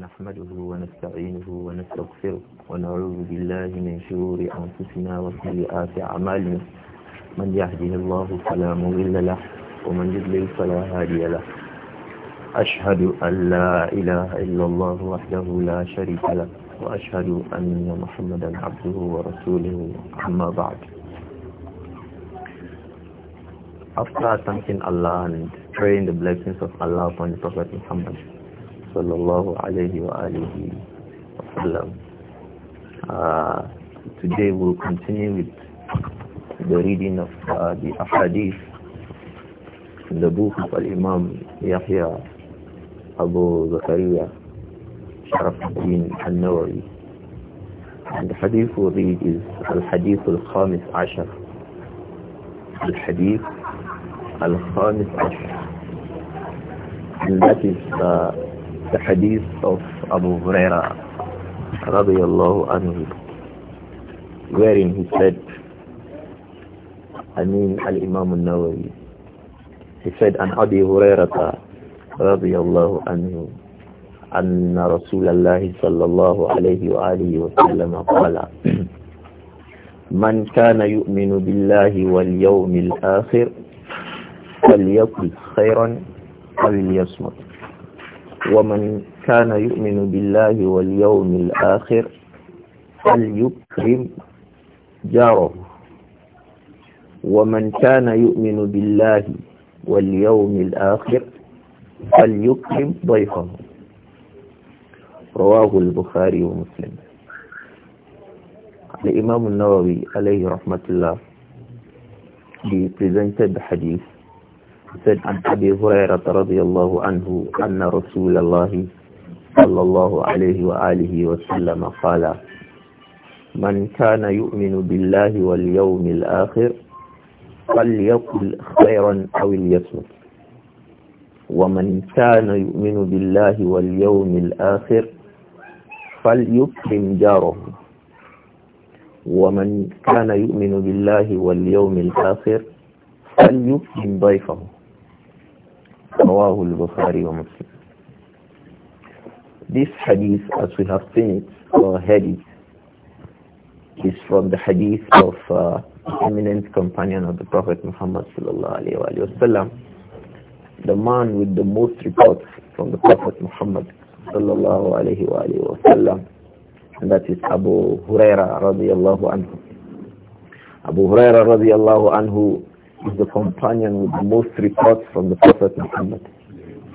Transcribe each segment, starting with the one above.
نحمده ونستعينه ونستغفره ونعوذ بالله من شرور أنفسنا وسيئات أعمالنا من يهده الله فلا مضل له ومن يضلل فلا هادي له أشهد أن لا إله إلا الله وحده لا شريك له وأشهد أن محمدا عبده ورسوله أما بعد After thanking Allah and praying the blessings of Allah upon the Prophet Muhammad sallallahu alayhi wa alihi wa uh, today we'll continue with the reading of uh, the hadith in the book of Al-Imam Yahya Abu Zakaria Sharafuddin al-Nawawi. And the hadith we read is Al-Hadith Al-Khamis Ashar. Al-Hadith Al-Khamis Ashar. And that is uh, the hadith of Abu Huraira radiallahu anhu wherein he said I mean al-Imam al-Nawawi he said an Abi Hurairata radiallahu anhu أن رسول الله صلى الله عليه وآله وسلم قال من كان يؤمن بالله واليوم الآخر فليقل خيرا أو ومن كان يؤمن بالله واليوم الآخر فليكرم جاره ومن كان يؤمن بالله واليوم الآخر فليكرم ضيفه رواه البخاري ومسلم الإمام النووي عليه رحمة الله he presented حديث said عن أبي هريرة رضي الله عنه أن رسول الله صلى الله عليه وآله وسلم قال من كان يؤمن بالله واليوم الآخر فليقل خيرا أو ليصمت ومن كان يؤمن بالله واليوم الآخر فليكرم جاره ومن كان يؤمن بالله واليوم الآخر فليكرم ضيفه رواه البخاري ومسلم This hadith, as we have seen it, or hadith, is from the hadith of uh, eminent companion of the Prophet Muhammad sallallahu alaihi wasallam, the man with the most reports from the Prophet Muhammad sallallahu alaihi wasallam, and that is Abu Huraira radiyallahu anhu. Abu Huraira radiyallahu anhu is the companion with the most reports from the Prophet Muhammad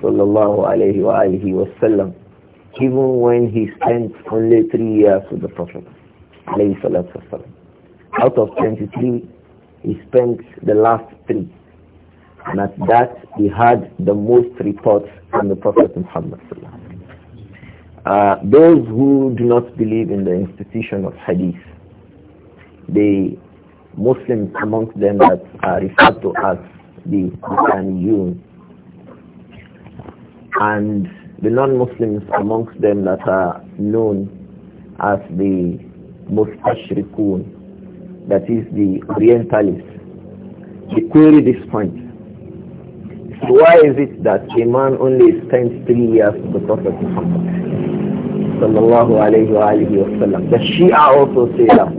sallallahu alayhi wa alihi wasallam even when he spent only three years with the Prophet alayhi salatu wasallam. Out of 23, he spent the last three. And at that, he had the most reports from the Prophet Muhammad uh, Those who do not believe in the institution of hadith, they Muslims amongst them that are referred to as the Quraniyun and the non-Muslims amongst them that are known as the Mustashrikun, that is the Orientalists. They query this point. So why is it that a man only spends three years with the Prophet Muhammad? Sallallahu alayhi wa The Shia also say that.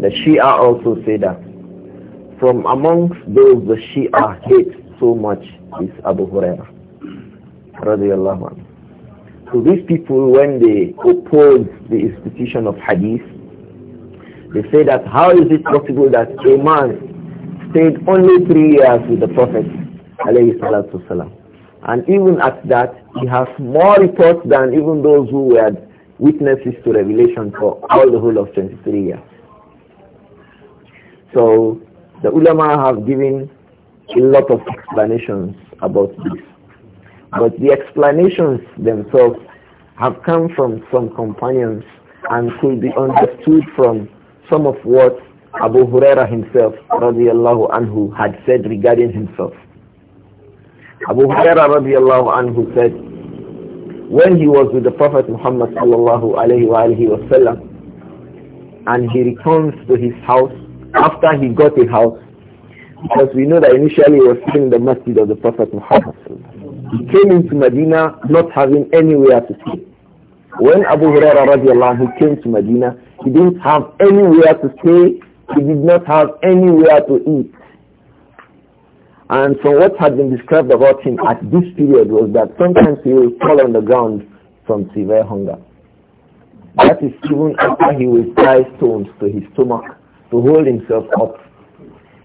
The Shia also say that. From amongst those the Shia hate so much is Abu Huraira. So these people, when they oppose the institution of Hadith, they say that how is it possible that a man stayed only three years with the Prophet and even at that, he has more reports than even those who were witnesses to revelation for all the whole of 23 years. So the ulama have given a lot of explanations about this. But the explanations themselves have come from some companions and could be understood from some of what Abu Huraira himself radiallahu anhu had said regarding himself. Abu Huraira radiallahu anhu said, when he was with the Prophet Muhammad sallallahu alayhi wa sallam, and he returns to his house, after he got a house, because we know that initially he was in the masjid of the Prophet Muhammad. He came into Medina not having anywhere to stay. When Abu Hurairah radiallahu came to Medina, he didn't have anywhere to stay, he did not have anywhere to eat. And from what had been described about him at this period was that sometimes he would fall on the ground from severe hunger. That is even after he would tie stones to his stomach to hold himself up.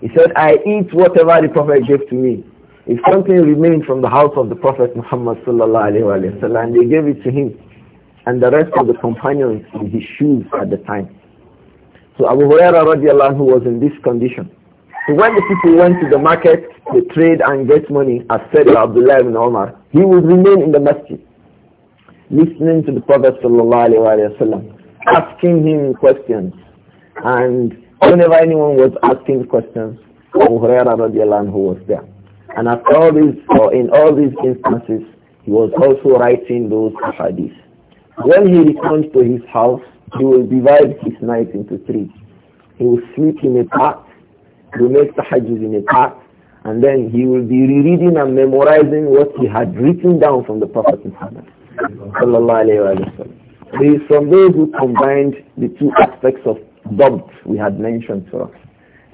He said, I eat whatever the Prophet gave to me. If something remained from the house of the Prophet Muhammad sallallahu alayhi wa sallam, they gave it to him and the rest of the companions in his shoes at the time. So Abu Huraira radiallahu anhu was in this condition. So when the people went to the market to trade and get money, as said by Abdullah ibn Omar, he would remain in the masjid, listening to the Prophet sallallahu alayhi wa sallam, asking him questions and Whenever anyone was asking questions, Abu Huraira radiallahu was there. And after all these, or in all these instances, he was also writing those hadiths. When he returns to his house, he will divide his night into three. He will sleep in a part, he will make tahajjud in a part, and then he will be rereading and memorizing what he had written down from the Prophet Muhammad. Sallallahu alayhi wa He is from those who combined the two aspects of Doubt we had mentioned to us.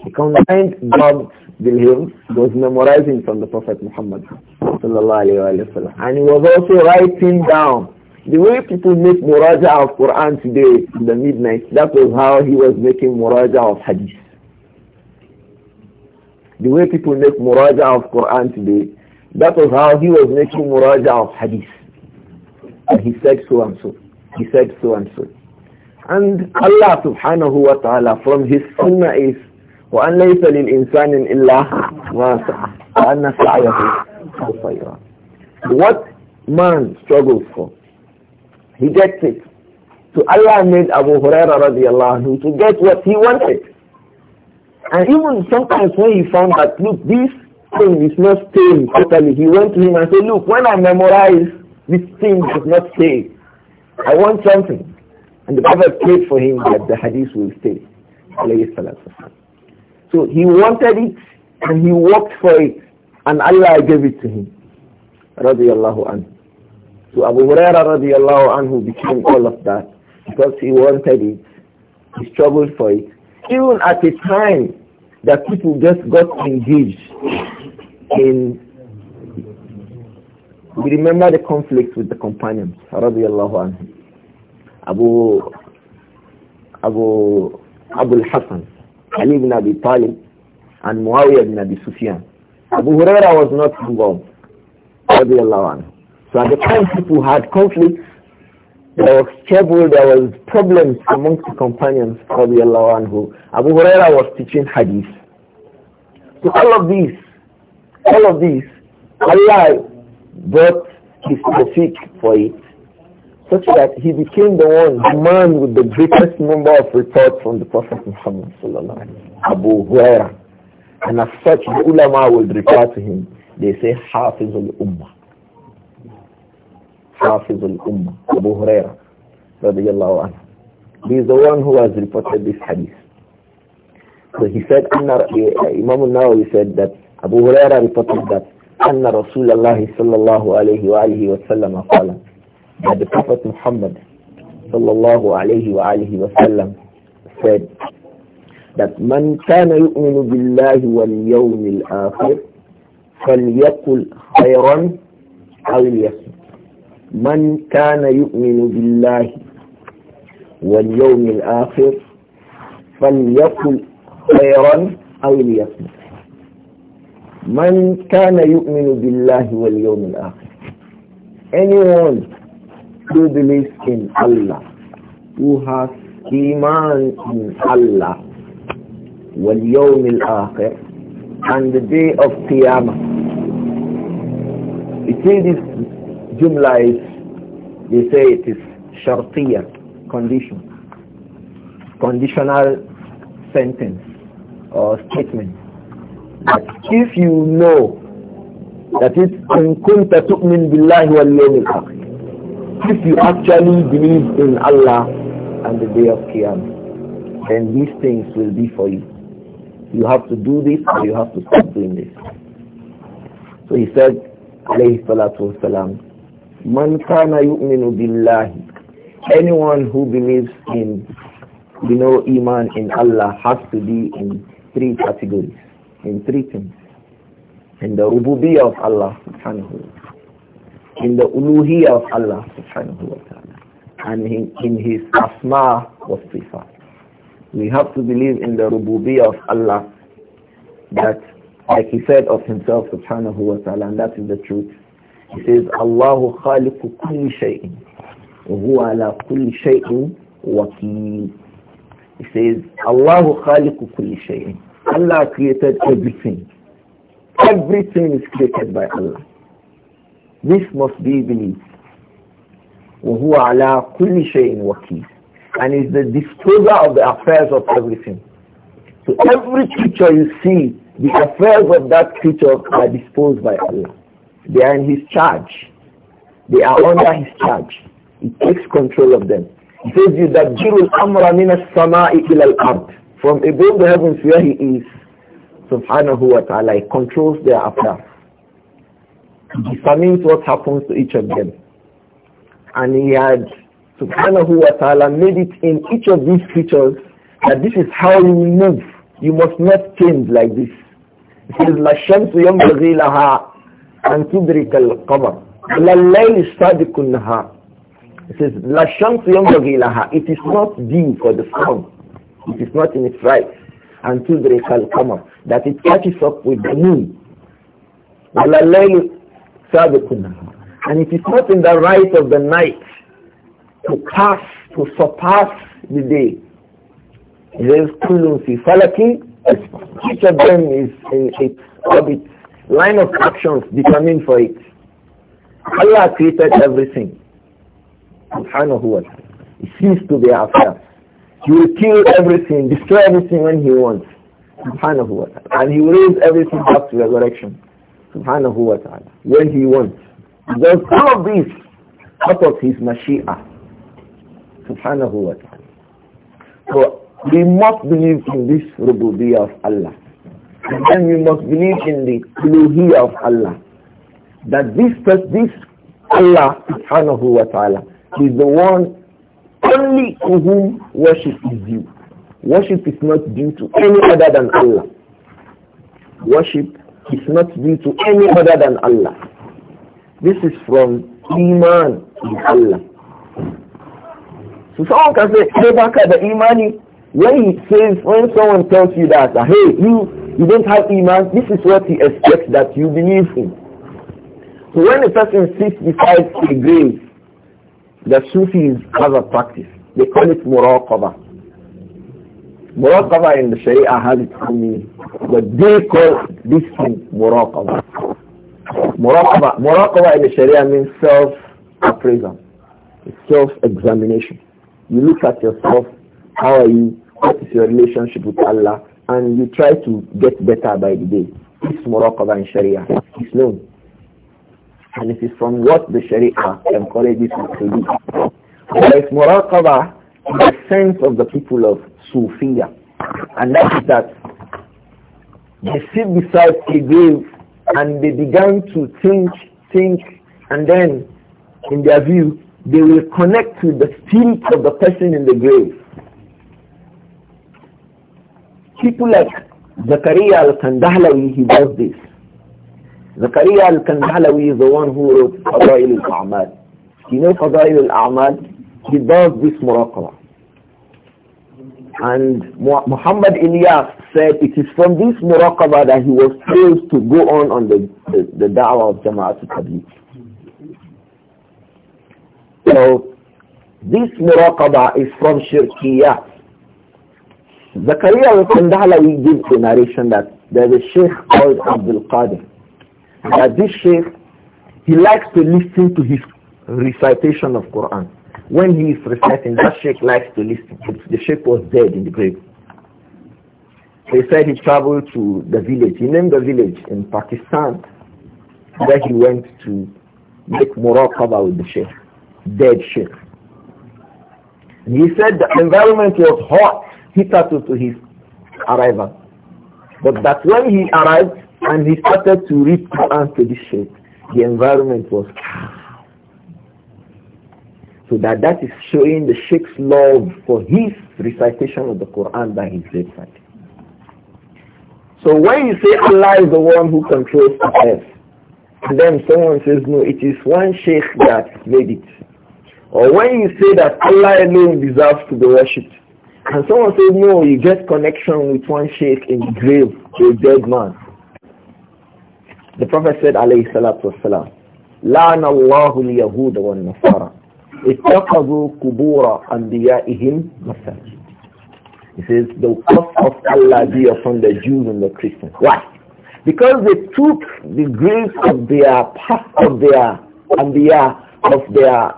He combined dubbed bilhim, was memorizing from the Prophet Muhammad and he was also writing down. The way people make muraja of Quran today in the midnight, that was how he was making muraja of hadith. The way people make muraja of Quran today, that was how he was making muraja of hadith. And he said so and so. He said so and so. And Allah subhanahu wa ta'ala from his sunnah is وَأَنْ لَيْسَ لِلْإِنسَانٍ إِلَّا مَا سَعَى وَأَنَّ سَعْيَهُ سَوْفَ What man struggles for, he gets it. So Allah made Abu Huraira radiallahu anhu to get what he wanted. And even sometimes when he found that, look, this thing is not staying totally, he went to him and said, look, when I memorize, this thing does not stay. I want something. And the Prophet prayed for him that the hadith will stay. So he wanted it and he worked for it and Allah gave it to him. anhu. So Abu Hurairah, radiallahu anhu became all of that because he wanted it. He struggled for it. Even at a time that people just got engaged in we remember the conflict with the companions radiallahu anhu Abu Abu Abu al-Hasan, Ali ibn Abi Talib, and Muawiyah ibn Abi Sufyan. Abu Huraira was not involved. So at the time people had conflicts, there was trouble, there was problems amongst the companions of Abu Huraira was teaching hadith. So all of these, all of these, Allah brought his tawfiq for it such that he became the one, the man with the greatest number of reports from the Prophet Muhammad sallallahu Abu Huraira. And as such, the ulama would refer to him. They say Hafiz al-Ummah. Hafiz al-Ummah, Abu Huraira, radiyallahu anhu. He is the one who has reported this hadith. So he said, uh, Imam al-Nawawi said that Abu Huraira reported that أن رسول الله صلى الله عليه وآله وسلم قال that the Prophet Muhammad sallallahu alayhi wa alihi wa sallam said that man kana yu'minu billahi wal yawmil akhir falyakul khayran aw liyasmut man kana yu'minu billahi wal yawmil akhir falyakul khayran aw liyasmut man kana yu'minu billahi wal yawmil anyone who believes in Allah, who has Iman in Allah, وَالْيَوْمِ الْآخِرِ and the day of Qiyamah. You see this jumla is, they say it is shartiya, condition, conditional sentence or statement. But if you know that it's كُنْتَ تُؤْمِنْ بِاللَّهِ وَالْيَوْمِ Akhir. If you actually believe in Allah and the day of Qiyamah, then these things will be for you. You have to do this or you have to stop doing this. So he said, alayhi salatu wasalam, Man kana yu'minu billahi. Anyone who believes in, you know, Iman in Allah has to be in three categories, in three things. In the rububiyyah of Allah subhanahu in the uluhiyah of Allah subhanahu wa ta'ala and in, in his asma wa sifat. We have to believe in the rububiyya of Allah that like he said of himself subhanahu wa ta'ala and that is the truth. He says Allahu khaliqu kulli shay'in wa ala kulli shay'in wakeel. He says Allahu khaliqu kulli shay'in. Allah created everything. Everything is created by Allah. This must be believed. وَهُوَ عَلَىٰ كُلِّ شَيْءٍ وَكِيلٍ And is the disposer of the affairs of everything. So every creature you see, the affairs of that creature are disposed by Allah. They are in His charge. They are under His charge. He takes control of them. He says, "You يُدَبِّرُ الْأَمْرَ مِنَ السَّمَاءِ إِلَى الْأَرْضِ From above the heavens where He is, subhanahu wa ta'ala, He controls their affairs determines what happens to each of them. And he had, subhanahu wa ta'ala, made it in each of these creatures that this is how you move. You must not change like this. It says, La shamsu yambazi laha an tudrik al-qamar. La layl sadiqun laha. says, La shamsu yambazi laha. It is not due for the sun. It is not in its right. And tudrik al-qamar. That it catches up with the moon. La layl and it is not in the right of the night to pass, to surpass the day. There is kulun fi falaki. Each of them is in its orbit. Line of actions determined for it. Allah created everything. Subhanahu wa ta'ala. It seems to be after. He will kill everything, destroy everything when he wants. Subhanahu wa ta'ala. And he will raise everything back to resurrection subhanahu wa ta'ala when he wants. Because all of these out of his mashia subhanahu wa ta'ala. So we must believe in this rububiyyah of Allah. And then we must believe in the uluhiyyah of Allah. That this this Allah subhanahu wa ta'ala is the one only to whom worship is due. Worship is not due to any other than Allah. Worship is not due to any other than Allah. This is from Iman in Allah. So someone can say, hey, back at the Imani, when he says, when someone tells you that, hey, you, you don't have Iman, this is what he expects that you believe in. So when a person sits beside a grave, the Sufis have a practice. They call it muraqabah. Muraqabah in Sharia has its own meaning. But they call this thing Muraqabah. Muraqabah, muraqabah in Sharia means self-appraisal. self-examination. You look at yourself, how are you, what is your relationship with Allah, and you try to get better by the day. It's Muraqabah in Sharia. It's known. And it is from what the Sharia encourages you to do. it's Muraqabah in the sense of the people of Sufiya. And that is that they sit beside a grave and they began to think, think, and then in their view, they will connect to the spirit of the person in the grave. People like Zakaria al-Kandahlawi, he does this. Zakaria al-Kandahlawi is the one who wrote Fadail al-A'mal. You know Fadail al-A'mal? He does this muraqabah. And Muhammad Ilyas said it is from this muraqabah that he was told to go on on the, the, the da'wah of Jama'at Tabligh. So this muraqabah is from shirkiyah. Zakaria al-Kandalawi gives the narration that there's a sheikh called Abdul Qadir. That this sheikh, he likes to listen to his recitation of Quran. When he is reciting, that sheikh likes to listen. The sheikh was dead in the grave. They said he traveled to the village. He named the village in Pakistan where he went to make cover with the sheikh, dead sheikh. And he said the environment was hot, He started to his arrival. But that when he arrived and he started to read Quran to this sheikh, the environment was calm. So that that is showing the Sheikh's love for his recitation of the Quran by his bedside. So when you say Allah is the one who controls the earth, then someone says, no, it is one Sheikh that made it. Or when you say that Allah alone deserves to be worshipped, and someone says, no, you get connection with one Sheikh in the grave to a dead man. The Prophet said, alayhi salatu wasalam, لَعْنَ اللَّهُ الْيَهُودَ وَالنَّصَارَى اتخذوا قبور أنبيائهم مساجد He says, the curse of Allah be upon the Jews and the Christians. Why? Because they took the graves of their past of their and their of their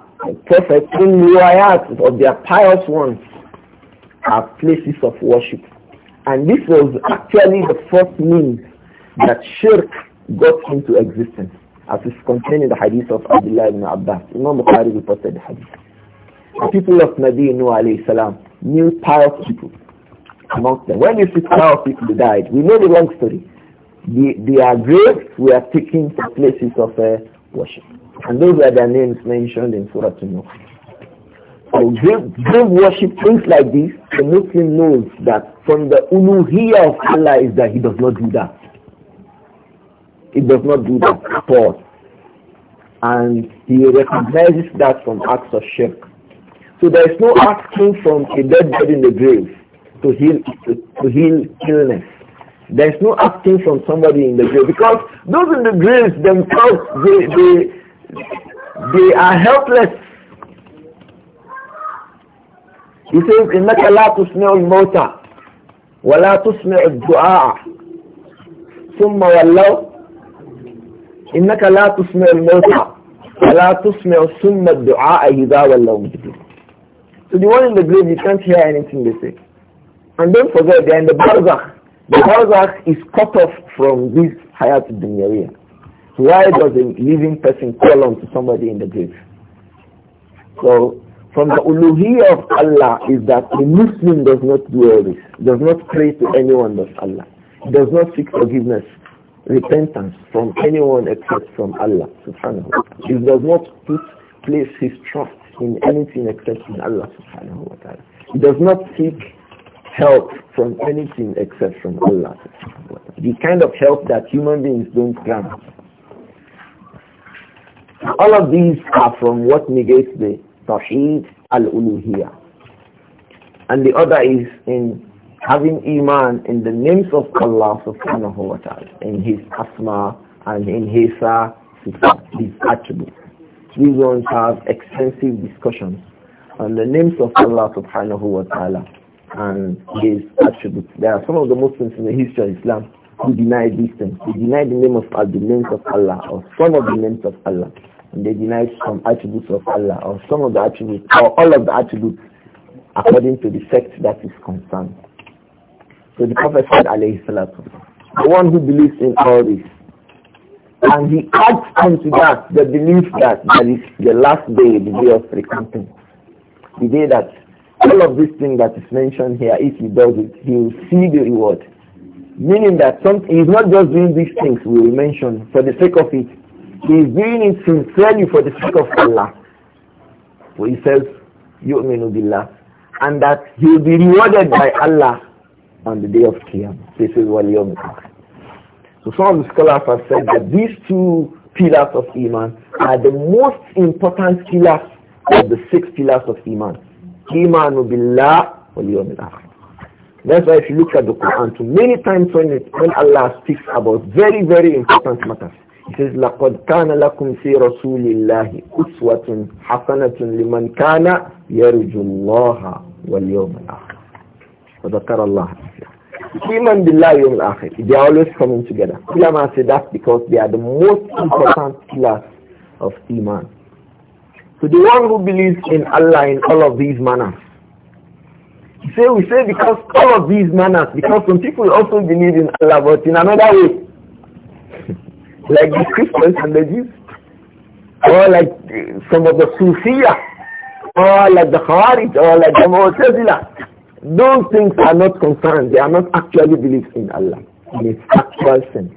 prophets in riwayat of their pious ones are places of worship. And this was actually the first means that shirk got into existence as is contained in the hadith of Abdullah ibn Abbas. Imam Bukhari reported the hadith. The people of Nabi Nuh alayhi salam knew pious people amongst them. When you see pious people died, we know the long story. The, their graves were taken to places of uh, worship. And those are their names mentioned in Surah Al nur So grave, grave worship, things like this, the Muslim knows that from the uluhiyah of Allah is that he does not do that. It does not do that at all. And he recognizes that from acts of shirk. So there is no asking from a dead body in the grave to heal to, to heal illness. There is no asking from somebody in the grave because those in the graves themselves they they they are helpless. He says, إِنَّكَ لَا تُسْمِعُ الْمَوْتَى وَلَا تُسْمِعُ الدُّعَاءَ ثُمَّ وَلَّوْا إنك لا تسمع الموتى ولا تسمع ثم الدعاء إذا ولوا مدبرين So the one in the grave, you can't hear anything they say. And don't forget, they are in the barzakh. The barzakh is cut off from this hayat dunyariya. So why does a living person call on to somebody in the grave? So from the uluhiyya of Allah is that a Muslim does not do all this, does not pray to anyone but Allah, does not seek forgiveness repentance from anyone except from Allah subhanahu wa ta'ala. He does not put, place his trust in anything except in Allah subhanahu wa ta'ala. He does not seek help from anything except from Allah subhanahu wa ta'ala. The kind of help that human beings don't grant. All of these are from what negates the Tawheed al-Uluhiyah. And the other is in having iman in the names of Allah subhanahu wa ta'ala, in his asma and in his uh, his attributes. We don't have extensive discussions on the names of Allah subhanahu wa ta'ala and his attributes. There are some of the Muslims in the history of Islam who deny these things. They deny the name of uh, the names of Allah or some of the names of Allah. And they deny some attributes of Allah or some of the attributes or all of the attributes according to the sect that is concerned. So the Prophet said, salatu, the one who believes in all this. And he adds unto that the belief that that is the last day, the day of recompense. The day that all of this thing that is mentioned here, if he does it, he will see the reward. Meaning that some, he is not just doing these things we will mention for the sake of it. He is doing it sincerely for the sake of Allah. For he says, يؤمن بالله. And that he will be rewarded by Allah on the day of Qiyamah. This is Waliyom So some of the scholars have said that these two pillars of Iman are the most important pillars of the six pillars of Iman. Iman billah Waliyom That's why if you look at the Quran too, many times when, it, when Allah speaks about very, very important matters, he says, لَقَدْ كَانَ لَكُمْ فِي رَسُولِ اللَّهِ أُسْوَةٌ حَسَنَةٌ لِمَنْ كَانَ يَرْجُ اللَّهَ وَالْيَوْمَ الْآخِرَ وذكر الله Human, Billahi Yawm Akhir. They are always coming together. Ulama say that because they are the most important pillars of Iman. So the one who believes in Allah in all of these manners. say we say because all of these manners, because some people also believe in Allah but in another way. like the Christians and the Jews. Or like uh, some of the Sufiya. Or like the Khawarij. Or like the Mu'tazila. Those things are not concerned. They are not actually beliefs in Allah in its actual sense.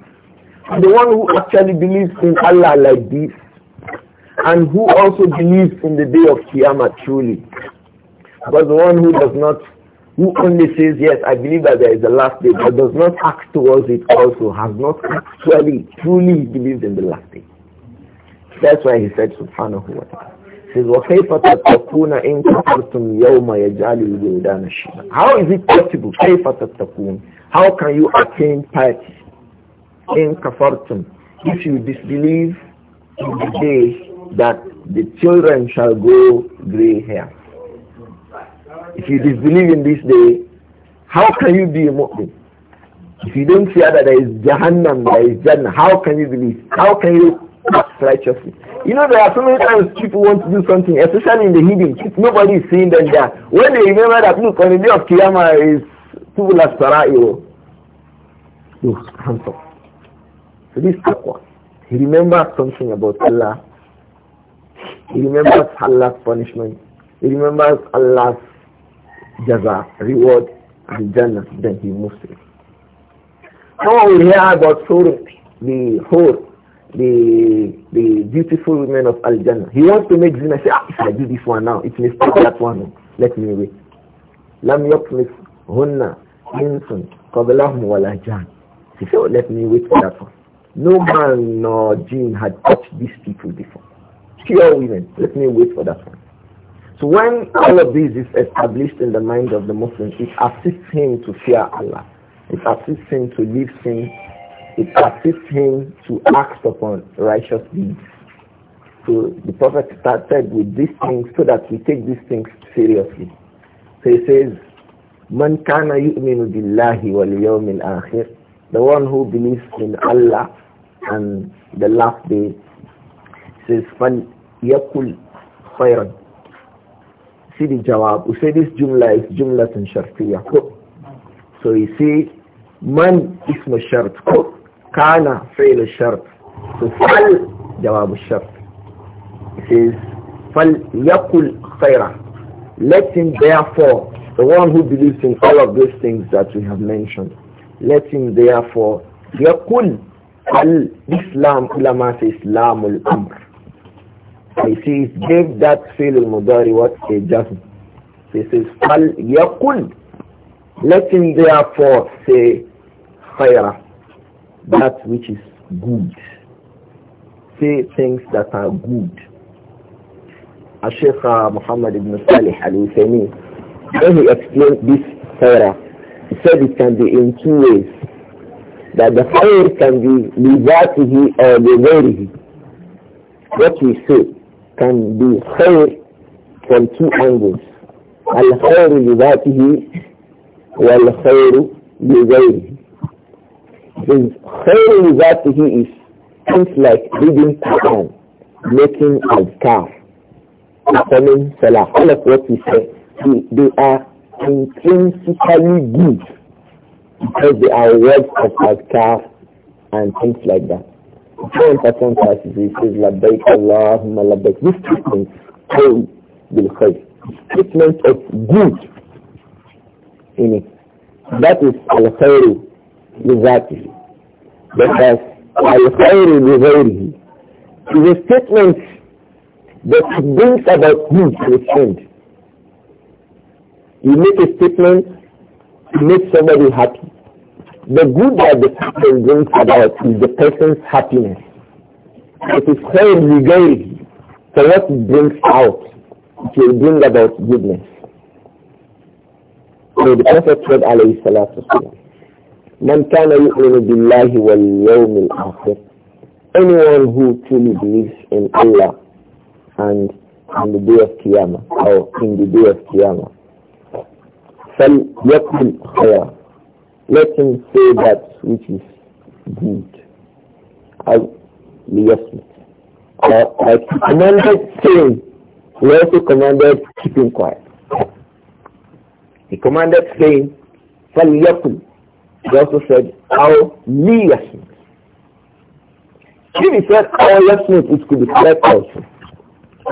the one who actually believes in Allah like this and who also believes in the day of Qiyamah truly. But the one who does not, who only says, yes, I believe that there is a last day, but does not act towards it also, has not actually truly believed in the last day. That's why he said, subhanahu wa ta'ala says, وَكَيْفَ تَتَّقُونَ إِن كَفَرْتُمْ يَوْمَ يَجْعَلِ الْوِلْدَانَ شِيبًا How is it possible? كَيْفَ تَتَّقُونَ How can you attain piety? إِن كَفَرْتُمْ If you disbelieve in the day that the children shall grow gray hair. If you disbelieve in this day, how can you be a Muslim? If you don't fear that there is Jahannam, there is Jannah, how can you believe? How can you act righteously? You know, there are so many times people want to do something, especially in the hidden. Nobody is seeing them there. When they remember that, look, on the day of Qiyamah is You, Aspara'io. Look, handsome. So this taqwa. He remembers something about Allah. He remembers Allah's punishment. He remembers Allah's jaza, reward, and jannah. Then he moves it. now we hear about Surah, the whole the the beautiful women of Al Jannah. He wants to make zina. Say, ah, if I do this one now, it may stop that one. Let me wait. Lam yakmis hunna insun qablahum wala jan. He said, oh, let me wait for that one. No man nor jinn had touched these people before. Pure women. Let me wait for that one. So when all of this is established in the mind of the Muslim, it assists him to fear Allah. It assists him to leave sin it assists him to act upon righteous deeds. So the Prophet started with these things so that we take these things seriously. So he says, Man kana yu'minu billahi wal yawmil akhir. The one who believes in Allah and the last day says, Fal yakul khayran." See the jawab. We say this jumla is jumla shartiyah. So you see, man ismu shart. كان فعل الشرط فعل جواب الشرط it says فليقل خيرا let him therefore the one who believes in all of those things that we have mentioned let him therefore يقل الإسلام كلما في إسلام الأمر he says give that فعل المضارع what a just. he says فليقل let him therefore say خيرا that which is good. Say things that are good. Sheikh uh, Muhammad ibn Salih al Uthaymeen, when he explained this surah, he said it can be in two ways. That the khair can be him or لغيره. What we say can be khair from two angles. الخير لذاته والخير لغيره. His khairu that he is things like reading Quran, making adhkar, performing salah. All of what he said, they, they are intrinsically good because they are words of adhkar and things like that. Very important passage. He says, "Labbaik Allahumma labbaik." This statement, "Qawl bil khair," statement of good in it. That is al khairu بذاته because الخير بغيره to the statement that brings about good to a friend. You make a statement to make somebody happy. The good that the statement brings about is the person's happiness. It is called regard for what it brings out. It will bring about goodness. So the Prophet said, alayhi salatu wasalam, من كان يؤمن بالله واليوم الآخر anyone who truly believes in Allah and on the day of Qiyamah or in the day of Qiyamah فليقل خيرا let him say that which is good أو ليصمت or like he commanded saying he also commanded keeping quiet he commanded saying فليقل he also said, How li yasmut. If he said, How yasmut, it could be correct also.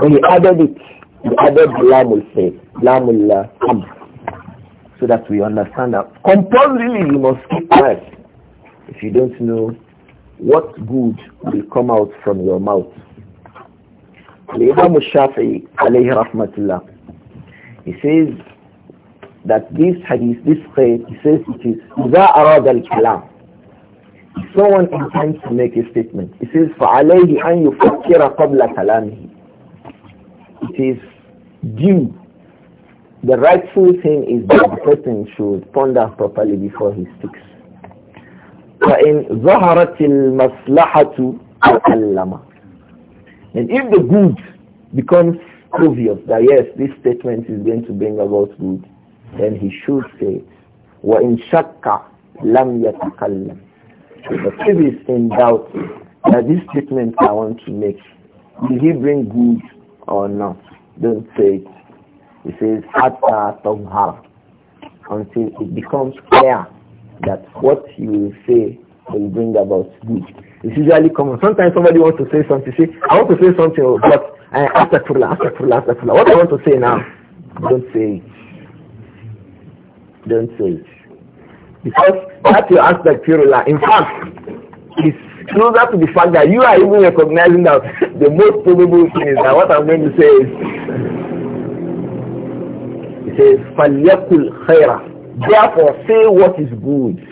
When he added it, he added lamul say, lamul come," uh, So that we understand that compulsorily you must keep quiet if you don't know what good will come out from your mouth. Al-Imam shafii alayhi rahmatullah, he says, that this hadith, this phrase, he says it is إِذَا أَرَادَ الْكَلَامِ If someone intends to make a statement, he says فَعَلَيْهِ أَنْ يُفَكِّرَ قَبْلَ كَلَامِهِ It is due. The rightful thing is that the person should ponder properly before he speaks. فَإِنْ ظَهَرَتِ الْمَصْلَحَةُ تَكَلَّمَ And if the good becomes obvious that yes, this statement is going to bring about good, then he should say, وَإِن شَكَّ لَمْ يَتَكَلَّمْ The thief is in doubt that this statement I want to make, will he bring good or not? Don't say it. He says, حَتَّى تَظْهَرَ Until it becomes clear that what you will say will bring about good. It's usually common. Sometimes somebody wants to say something. Say, I want to say something, but I ask after ask after ask for what I want to say now. Don't say it. Don't say it. Because that to ask the Firullah, in fact, is closer to the fact that you are even recognizing that the most probable thing is that what I'm going to say is, it says, فَلْيَقُلْ خَيْرًا Therefore, say what is good.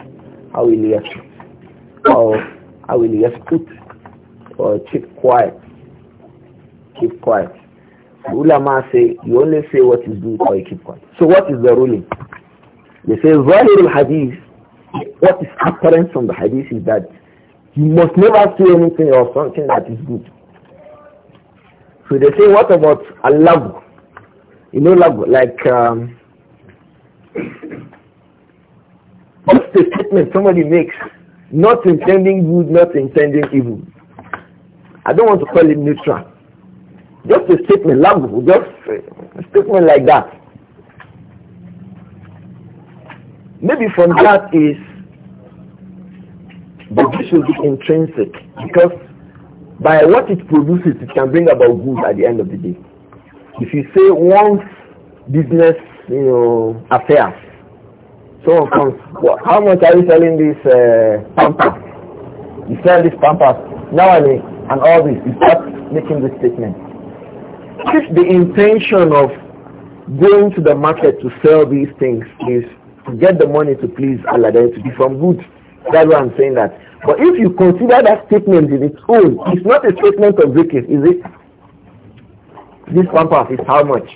I will yes, or I will put or keep quiet. Keep quiet. The ulama say, you only say what is good or you keep quiet. So what is the ruling? They say, Zahir al-Hadith, what is apparent from the Hadith is that you must never say anything or something that is good. So they say, what about love? You know, love, like, um, what's the statement somebody makes? Not intending good, not intending evil. I don't want to call it neutral. Just a statement, love, just a statement like that. Maybe from that is, but this should be intrinsic because by what it produces, it can bring about good at the end of the day. If you say once business, you know, affairs, someone comes, well, how much are you selling this uh, pamper? You sell this pamper now and, and all this. You start making this statement. If the intention of going to the market to sell these things is to get the money to please Allah, then to be from good. That's why I'm saying that. But if you consider that statement in its own, it's not a statement of zikr, is it? This pampas is how much?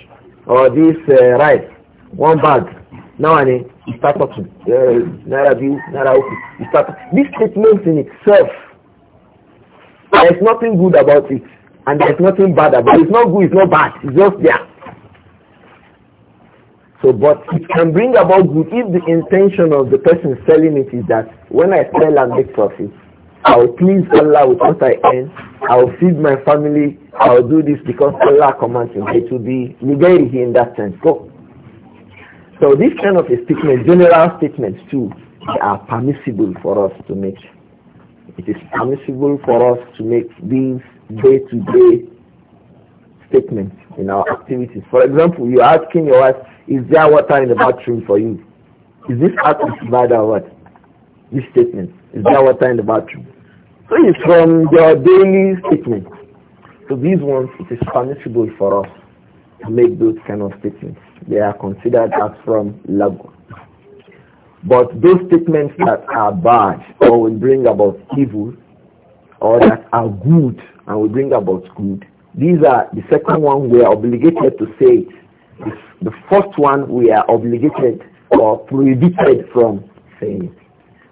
Or this uh, rice, one bag. Now I mean, you start talking. Uh, Naira bill, Naira You start. This statement in itself, there is nothing good about it, and there is nothing bad about it. It's not good, it's not bad, it's just there. So, but it can bring about good if the intention of the person selling it is that when I sell and make profit, I will please Allah with what I earn. I will feed my family. I will do this because Allah commands me. It will be negative in that sense. Go. So this kind of a statement, general statements too, they are permissible for us to make. It is permissible for us to make these day-to-day -day statements in our activities. For example, you're asking your wife, is there water in the bathroom for you? Is this act of ibadah or what? This statement. Is there water in the bathroom? So it's from your daily statement. So these ones, it is punishable for us to make those kind of statements. They are considered as from lagu. But those statements that are bad or will bring about evil or that are good and will bring about good, these are the second one we are obligated to say it. The first one we are obligated or prohibited from saying it.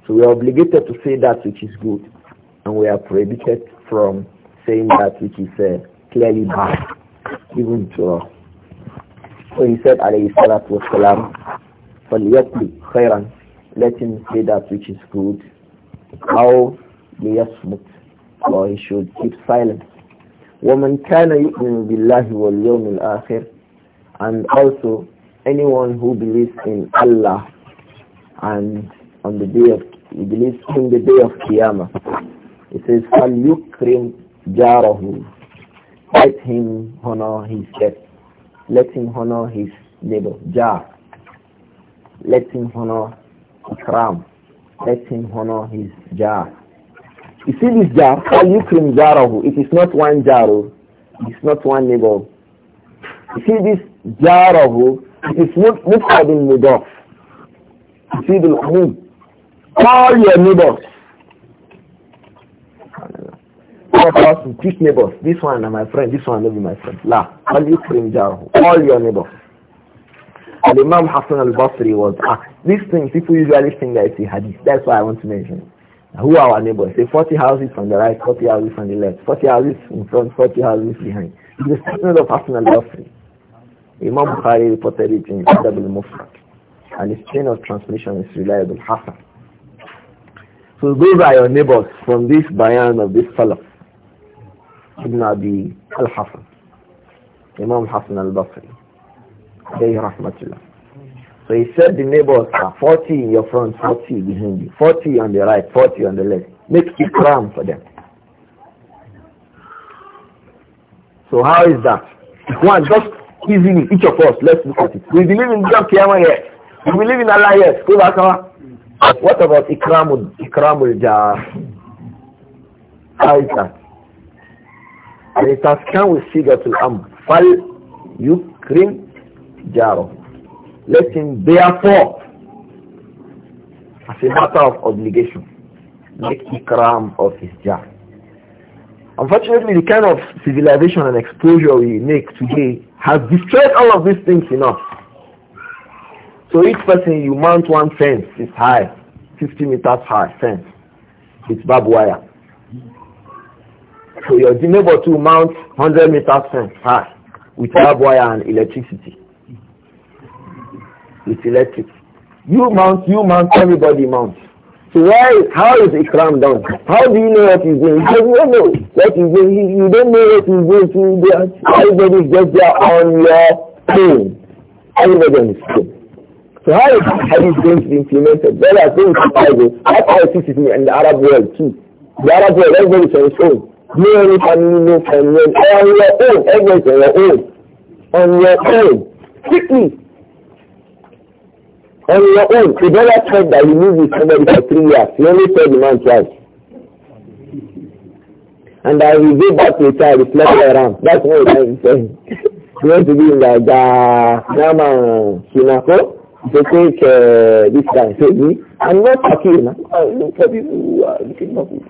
So we are obligated to say that which is good and we are prohibited from saying that which is uh, clearly bad, even to us. So he said, alayhi salatu wasalam, فَلْيَقْلِ خَيْرًا Let him say that which is good. How ليصمت or he should keep silent. وَمَنْ كَانَ يُؤْمِنُ بِاللَّهِ وَالْيَوْمِ الْآخِرِ and also anyone who believes in Allah and on the day of he believes in the day of Qiyamah. It says, فَلْيُكْرِمْ Jarahu." Let him honor his guest. Let him honor his neighbor. Jar. Let him honor Ikram. Let him honor his jar. You see this jar? فَلْيُكْرِمْ Jarahu. It is not one jar. Oh. It's not one neighbor. You see this جاره it is مفرد المضاف تفيد العموم all your neighbors all person teach neighbors this one na my friend this one will be my friend la all you friend jarahu all your neighbors and Imam Hassan al-Basri was asked these things people usually think that it's a hadith that's why I want to mention it who are our neighbors? Say 40 houses on the right, 40 houses on the left, 40 houses in front, 40 houses behind. It's the statement of Hassan al-Basri. Imam Bukhari reported it in Adab al-Mufrad. And his chain of transmission is reliable, Hassan. So those are your neighbors from this bayan of this Salaf, Ibn Abi al Hassan, Imam Hassan al-Basri, alayhi rahmatullah. So he said the neighbors are 40 in your front, 40 behind you, 40 on the right, 40 on the left. Make ikram for them. So how is that? One, just Easily, each of us, let's look at it. We believe in God, Kiyama, yes. We believe in Allah, yes. Go back, what about Ikramul, Ikramul Jah? How is that? And it has come with Sigatul Amr. Fal Yukrim jar. Let him therefore, as a matter of obligation, make Ikram of his Jah. Unfortunately, the kind of civilization and exposure we make today has destroyed all of these things enough. So each person, you mount one fence, it's high, 50 meters high fence. It's barbed wire. So your neighbor to mount 100 meters fence high with barbed wire and electricity. It's electric. You mount, you mount, everybody mounts. So why, how is Ikram done? How do you know what he's doing? Because you don't know what he's doing. You, don't know what he's going through. Everybody's just there on your pain. Everybody on his pain. So how is hadith going to be implemented? Well, I think it's That's how it is in the Arab world too. The Arab world, everybody's on his own. No any family, no family. On your own. Everybody's on your own. On your own. Quickly. On your own, you never tried that you live with somebody for three years. You only said the man twice. And I will go back later, I will slap around. That's why I'm saying. you want to be in the Nama Shinako? They take uh, this guy, say me. I'm not talking. I'm not talking.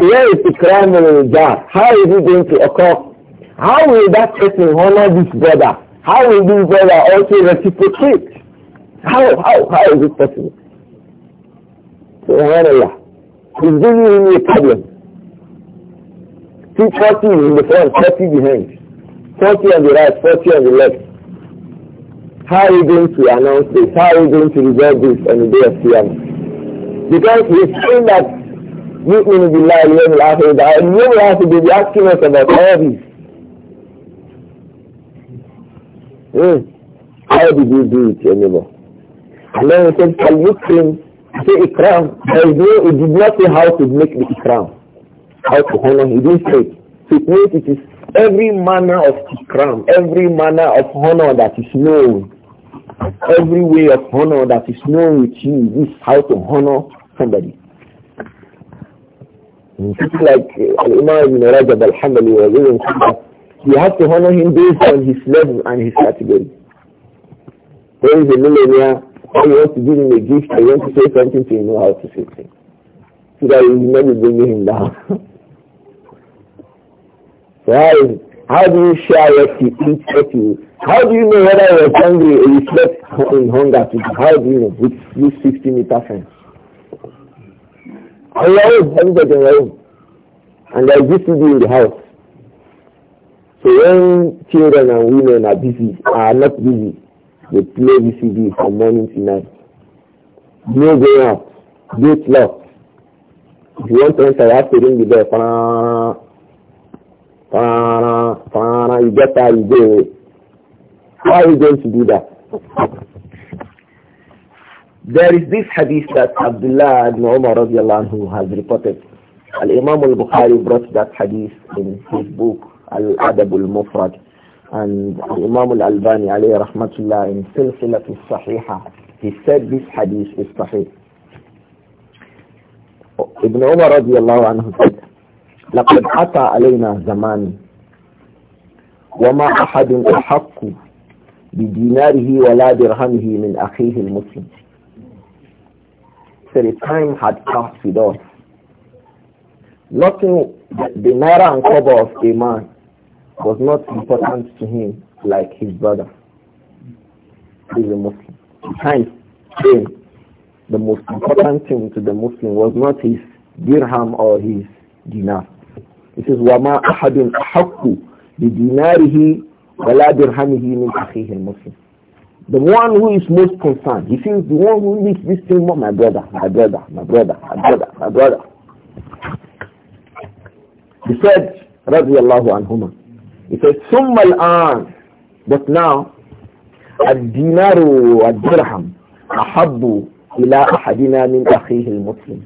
Where is the crime in the jar? How is it going to occur? How will that person honor this brother? How will this brother also reciprocate? How, how, how is it possible? SubhanAllah. He's giving him a problem. See 40 in the front, 40 behind. 40 on the right, 40 on the left. How are you going to announce this? How are you going to resolve this on the day of Qiyamah? Because he's saying that يؤمن بالله اليوم الآخر I knew we have to be asking us about all this. Hmm. How did you do it anymore? And then he said, Can you claim say ikram? There is no, he did not say how to make the ikram. How to honor, he didn't say. So it means it is every manner of ikram, every manner of honor that is known, every way of honor that is known with you is how to honor somebody. Just like uh, Imam Ibn Rajab al-Hambali was even you have to honor him based on his level and his category. There is a millionaire, or you want to give him a gift, I you want to say something to him, know how to say things. So that you will not be bringing him down. so how, is, how do you share what you eat, what you... How do you know whether you're hungry or you slept in hunger? How do you know? With this 60 meter fence. On everybody around, and I And there is this in the house. So when children and women are busy, are not busy, they play CD from morning to night. No going out. Gate locked. If you want to enter, you have to ring the bell. You get out, you go away. How are you going to do that? There is this hadith that Abdullah ibn Umar radiallahu who has reported. Al-Imam al-Bukhari brought that hadith in his book Al-Adab mufrad And Imam al-Albani alayhi rahmatullah in Silsilat al-Sahiha, he said this hadith is sahih. Ibn Umar radiallahu anhu said, لقد أتى علينا زمان وما أحد أحق بديناره ولا درهمه من أخيه المسلم. So the time had passed with us. Nothing, the naira and cover of a man was not important to him like his brother. He's a Muslim. Times him, the most important thing to the Muslim was not his dirham or his dinar. It says, وَمَا أَحَدٌ أَحَقُّ بِدِنَارِهِ وَلَا دِرْهَمِهِ مِنْ أَخِيهِ الْمُسْلِمِ The one who is most concerned, he feels the one who needs this thing more, my brother, my brother, my brother, my brother, my brother. He said, رضي الله عنهما it says, ثُمَّ an, But now, الدينار والدرهم أحب إلى أحدنا من al المسلم.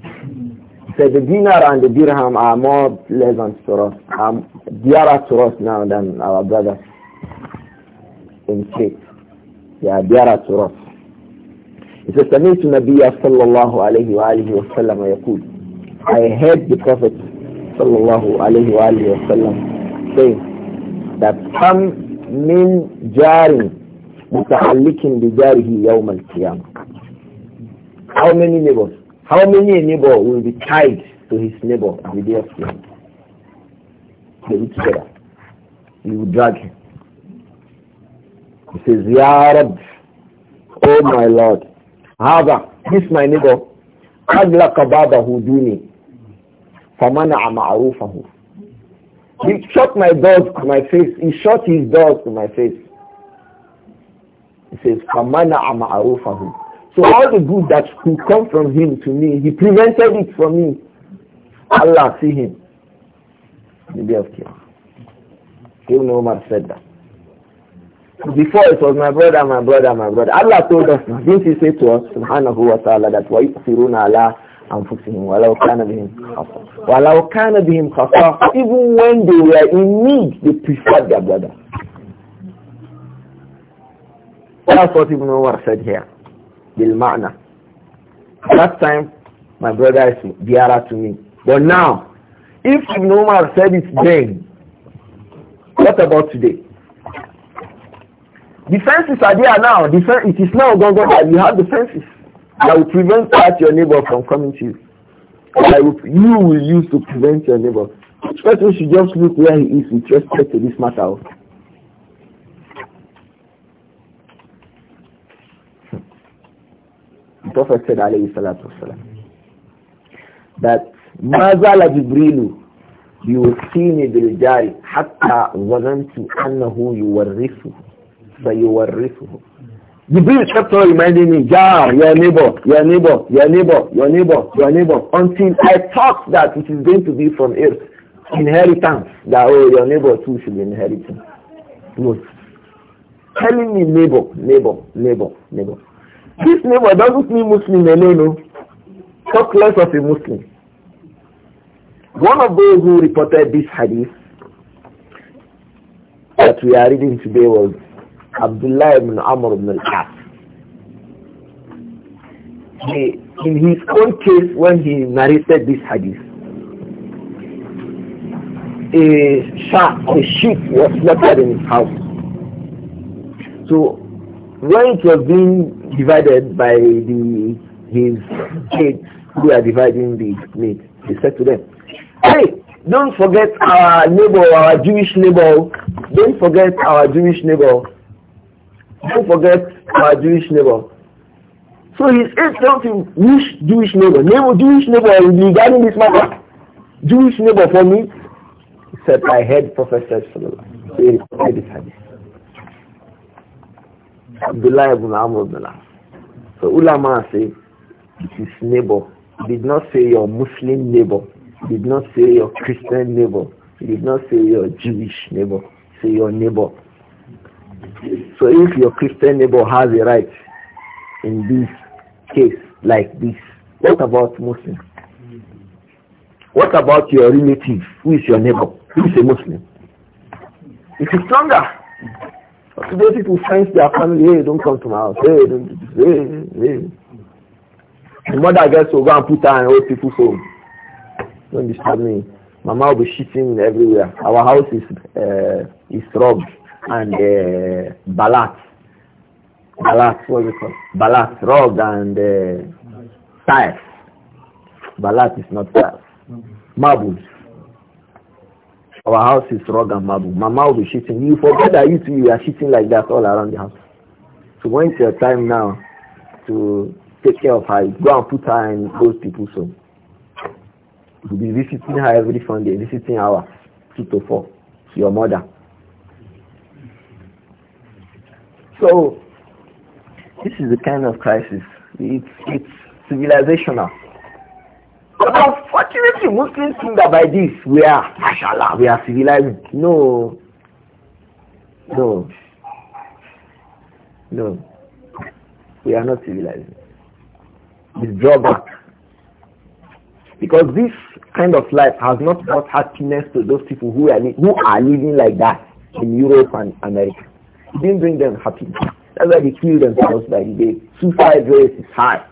So the dinar and the dirham are more pleasant to us, dearer to us now than our brothers in faith. yeah, dearer to us. It says, سمعت النبي صلى الله عليه I heard the Prophet صلى الله عليه وسلم saying that Ham min jarin muta'allikin bi jarihi yawm al-qiyamah. How many neighbors? How many a neighbor will be tied to his neighbor on the day of Qiyamah? They will together. You will drag him. He says, Ya Rab, oh my Lord, Hava, this my neighbor, قد لك بابه دوني فمنع معروفه he shot my dog to my face. He shot his dog to my face. He says, Famana ama'arufahu. So all the good that could come from him to me, he prevented it from me. Allah see him. The day of Qiyamah. Ibn Umar said that. Before it was my brother, my brother, my brother. Allah told us, didn't he say to us, subhanahu wa ta'ala, that wa Allah. أنفسهم ولو كان بهم خاصة ولو كان بهم him, even when they were in need they preferred their brother that's what Ibn Umar said here بالمعنى that time my brother is dearer to me but now if Ibn Umar said it then what about today the fences are there now the fence, it is now gone that you have the fences I will prevent that your neighbor from coming to you. I will, you will use to prevent your neighbor. Each person should just look where he is with respect to this matter. The Prophet said, alayhi salatu wasalam, that mazala jibrilu you were rifu, ظننت you were rifu." The kept chapter reminding me, yeah, your neighbor, your neighbor, your neighbor, your neighbor, your neighbor, until I thought that it is going to be from earth, inheritance, that oh, your neighbor too should be inheriting. No. Telling me neighbor, neighbor, neighbor, neighbor. This neighbor doesn't mean Muslim alone, no. Talk less of a Muslim. One of those who reported this hadith that we are reading today was Abdullah ibn Amr ibn al-As. In his own case, when he narrated this hadith, a shark, a sheep was slaughtered in his house. So when it was being divided by the his kids who are dividing the meat, he said to them, "Hey, don't forget our neighbor, our Jewish neighbor. Don't forget our Jewish neighbor." Don't forget my Jewish neighbor. So he says something, which Jewish neighbor? Neighbor, Jewish neighbor regarding this matter. Jewish neighbor for me. He said, I heard Prophet said, so he replied this hadith. Abdullah ibn Amr ibn So ulama say, his neighbor. did not say your Muslim neighbor. did not say your Christian neighbor. did not say your Jewish neighbor. Say your neighbor. So if your Christian neighbor has a right in this case like this, what about Muslim? What about your relative who is your neighbor, who is a Muslim? It is stronger. But today people find their family, hey, don't come to my house, hey, don't do this, hey, hey. The mother gets to go and put her in old people's home. Don't disturb me. Mama will be shitting everywhere. Our house is uh, is robbed and uh, balat. Balat, what is it called? Balat, rug and uh, tiles. Balat is not tiles. Marbles. Our house is rug and marble. Mama will be shitting. You forget that you two you are shitting like that all around the house. So when it's your time now to take care of her, go and put her in those people's home. You'll be visiting her every Sunday, visiting hour, two to four, to your mother. So, this is the kind of crisis. It's, it's civilizational. But unfortunately, Muslims think that by this we are, mashallah, we are civilized. No. No. No. We are not civilized. It's drawback. Because this kind of life has not brought happiness to those people who are, who are living like that in Europe and America didn't bring them happy. That's why they kill themselves by the day. Suicide rate is high.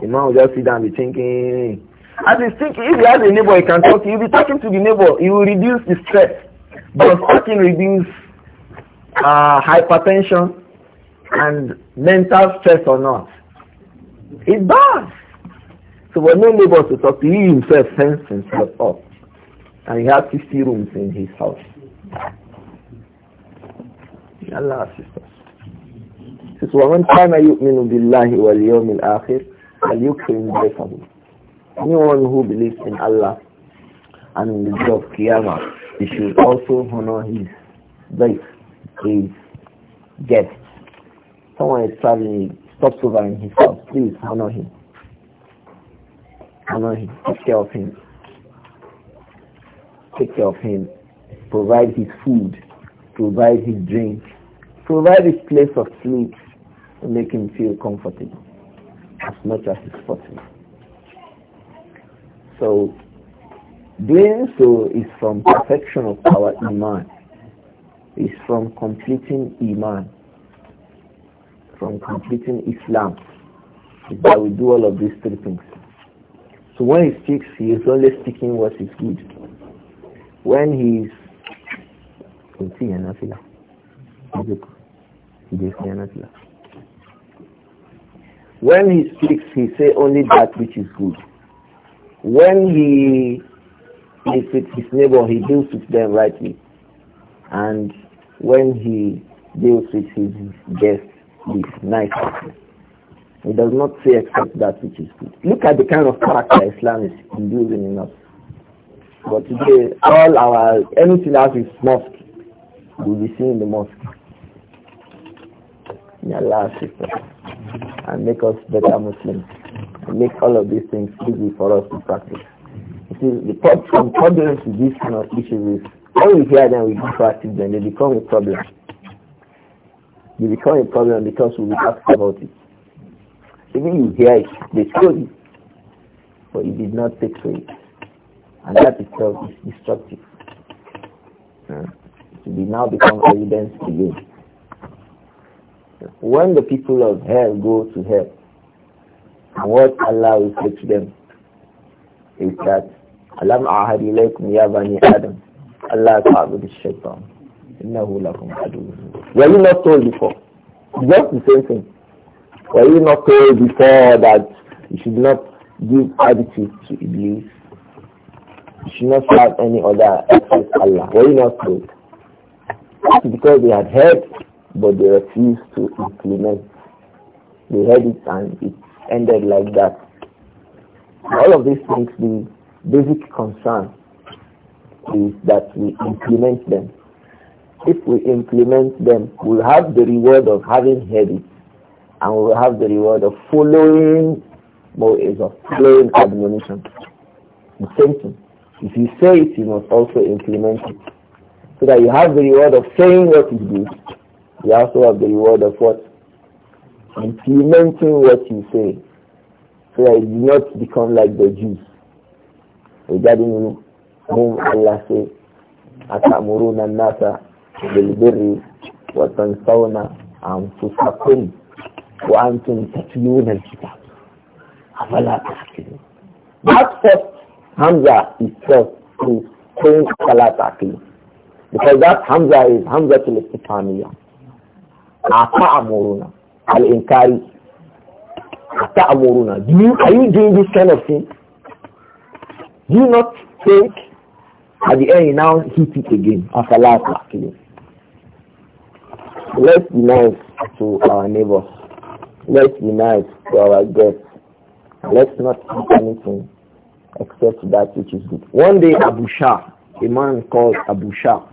The man will just sit down and be thinking. As he's thinking, if he has a neighbor he can talk to, he'll be talking to the neighbor. He will reduce the stress. But talking reduce uh, hypertension and mental stress or not. It does. So when no neighbor to talk to, he himself fenced himself up. And he had 50 rooms in his house. Allah assist us. This is وَمَنْ كَانَ يُؤْمِنُ بِاللَّهِ وَالْيَوْمِ الْآخِرِ فَلْيُكْرِمْ ضَيْفَهُ Anyone who believes in Allah and in the day of Qiyamah, he should also honor his wife, his guest. Someone is traveling, stops over in his house. Please honor him. Honor him. Take care of him. Take care of him. Provide his food provide his drink, provide his place of sleep, make him feel comfortable as much as is possible. So doing so is from perfection of our iman, is from completing iman, from completing Islam, is that we do all of these three things. So when he speaks, he is only speaking what is good. When he is when he speaks, he say only that which is good. When he is with his neighbor, he deals with them rightly. And when he deals with his guest, he nice. He does not say except that which is good. Look at the kind of character Islam is building in us. But today, all our, anything else is mosque will be seeing in the mosque. in Allah assist and make us better Muslims and make all of these things easy for us to practice. It is the problem with these kind of issues is when we hear them, we do practice them, they become a problem. They become a problem because we ask about it. Even you hear it, they told you, but you did not take place, it. And that itself is destructive. Yeah be now become evidence you. When the people of hell go to hell, what Allah will say to them is that Alam ahad ya bani Adam Allah ta'budu shaitan innahu lakum aduwwun Were you not told before? Just the same thing. Were you not told before that you should not give attitude to Iblis? You should not serve any other except Allah. Were you not told? That's because they had heard, but they refused to implement. They heard it and it ended like that. All of these things, the basic concern is that we implement them. If we implement them, we'll have the reward of having heard it, and we'll have the reward of following more is of following admonition. The same thing. If you say it, you must also implement it. So that you have the reward of saying what is good. You also have the reward of what? Implementing what you say. So that you do not become like the Jews. Regarding whom Allah says, أَتَأْمُرُونَ النَّاسَ بِالْبِرِّ وَتَنْسَوْنَ أَنفُسَكُمْ وَأَنْتُمْ تَتْلُونَ الْكِتَابَ أَفَلَا تَعْقِلُونَ That first Hamza is first to saying أَفَلَا تَعْقِلُونَ because that Hamza is Hamza to Istifamiya. Ata'amuruna. Al-Inkari. Do you, are you doing this kind of thing? Do you not think at the end you now hit it again after last actually? Let's be nice to our neighbors. Let's be nice to our guests. Let's not eat anything except that which is good. One day Abu Shah, a man called Abu Shah,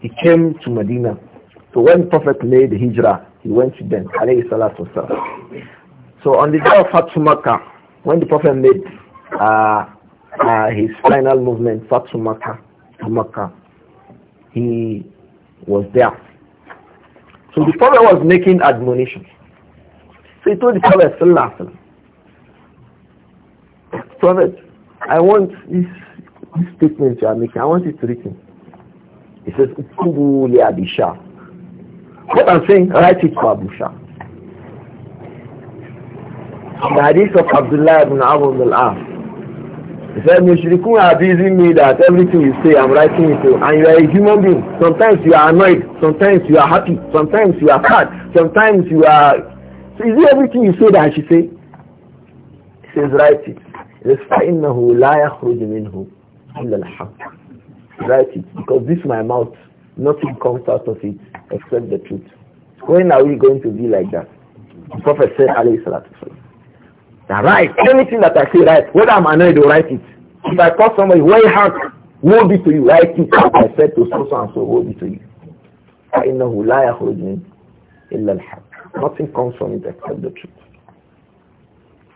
he came to Medina. So when Prophet made hijrah, he went to them, alayhi salatu So on the day of Fatu Makkah, when the Prophet made uh, uh, his final movement, Fatu Makkah, Makkah, he was there. So the Prophet was making admonitions. So he told the Prophet, Sallallahu Prophet, I want this, this statement you are making, I want it written. He says, "Ukubu li What I'm saying, write it for Abu The hadith of Abdullah ibn abu al-As. He said, Mushrikun are abusing me that everything you say, I'm writing it to. And you are a human being. Sometimes you are annoyed. Sometimes you are happy. Sometimes you are sad. Sometimes you are... So is it everything you say that I should say? He says, write it. He says, فَإِنَّهُ لَا يَخْرُجُ مِنْهُ إِلَّا الْحَقِّ write it because this my mouth, nothing comes out of it except the truth. When are we going to be like that? The Prophet said, alayhi salatu Now write anything that I say, write. Whether I'm annoyed, or write it. If I call somebody, way hard, will be to you, write it. I said to so, so and so, will be to you. فإنه لا يخرج من إلا الحق. Nothing comes from it except the truth.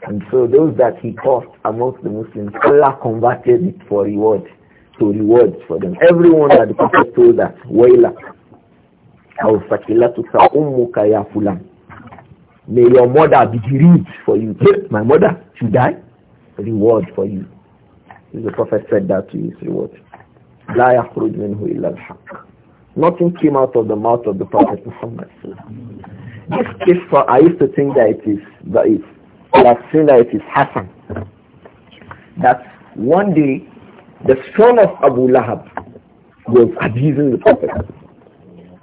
And so those that he taught amongst the Muslims, Allah converted it for reward to reward for them. Everyone that the Prophet told that, Wailak, أو سكيلتك أمك يا فلان May your mother be bereaved for you. My mother should die. Reward for you. The Prophet said that to his reward. لا يخرج illa al-haq. Nothing came out of the mouth of the Prophet Muhammad. This kissa, I used to think that it is, that it, that seen that it is Hassan. That one day the son of Abu Lahab was abusing the Prophet.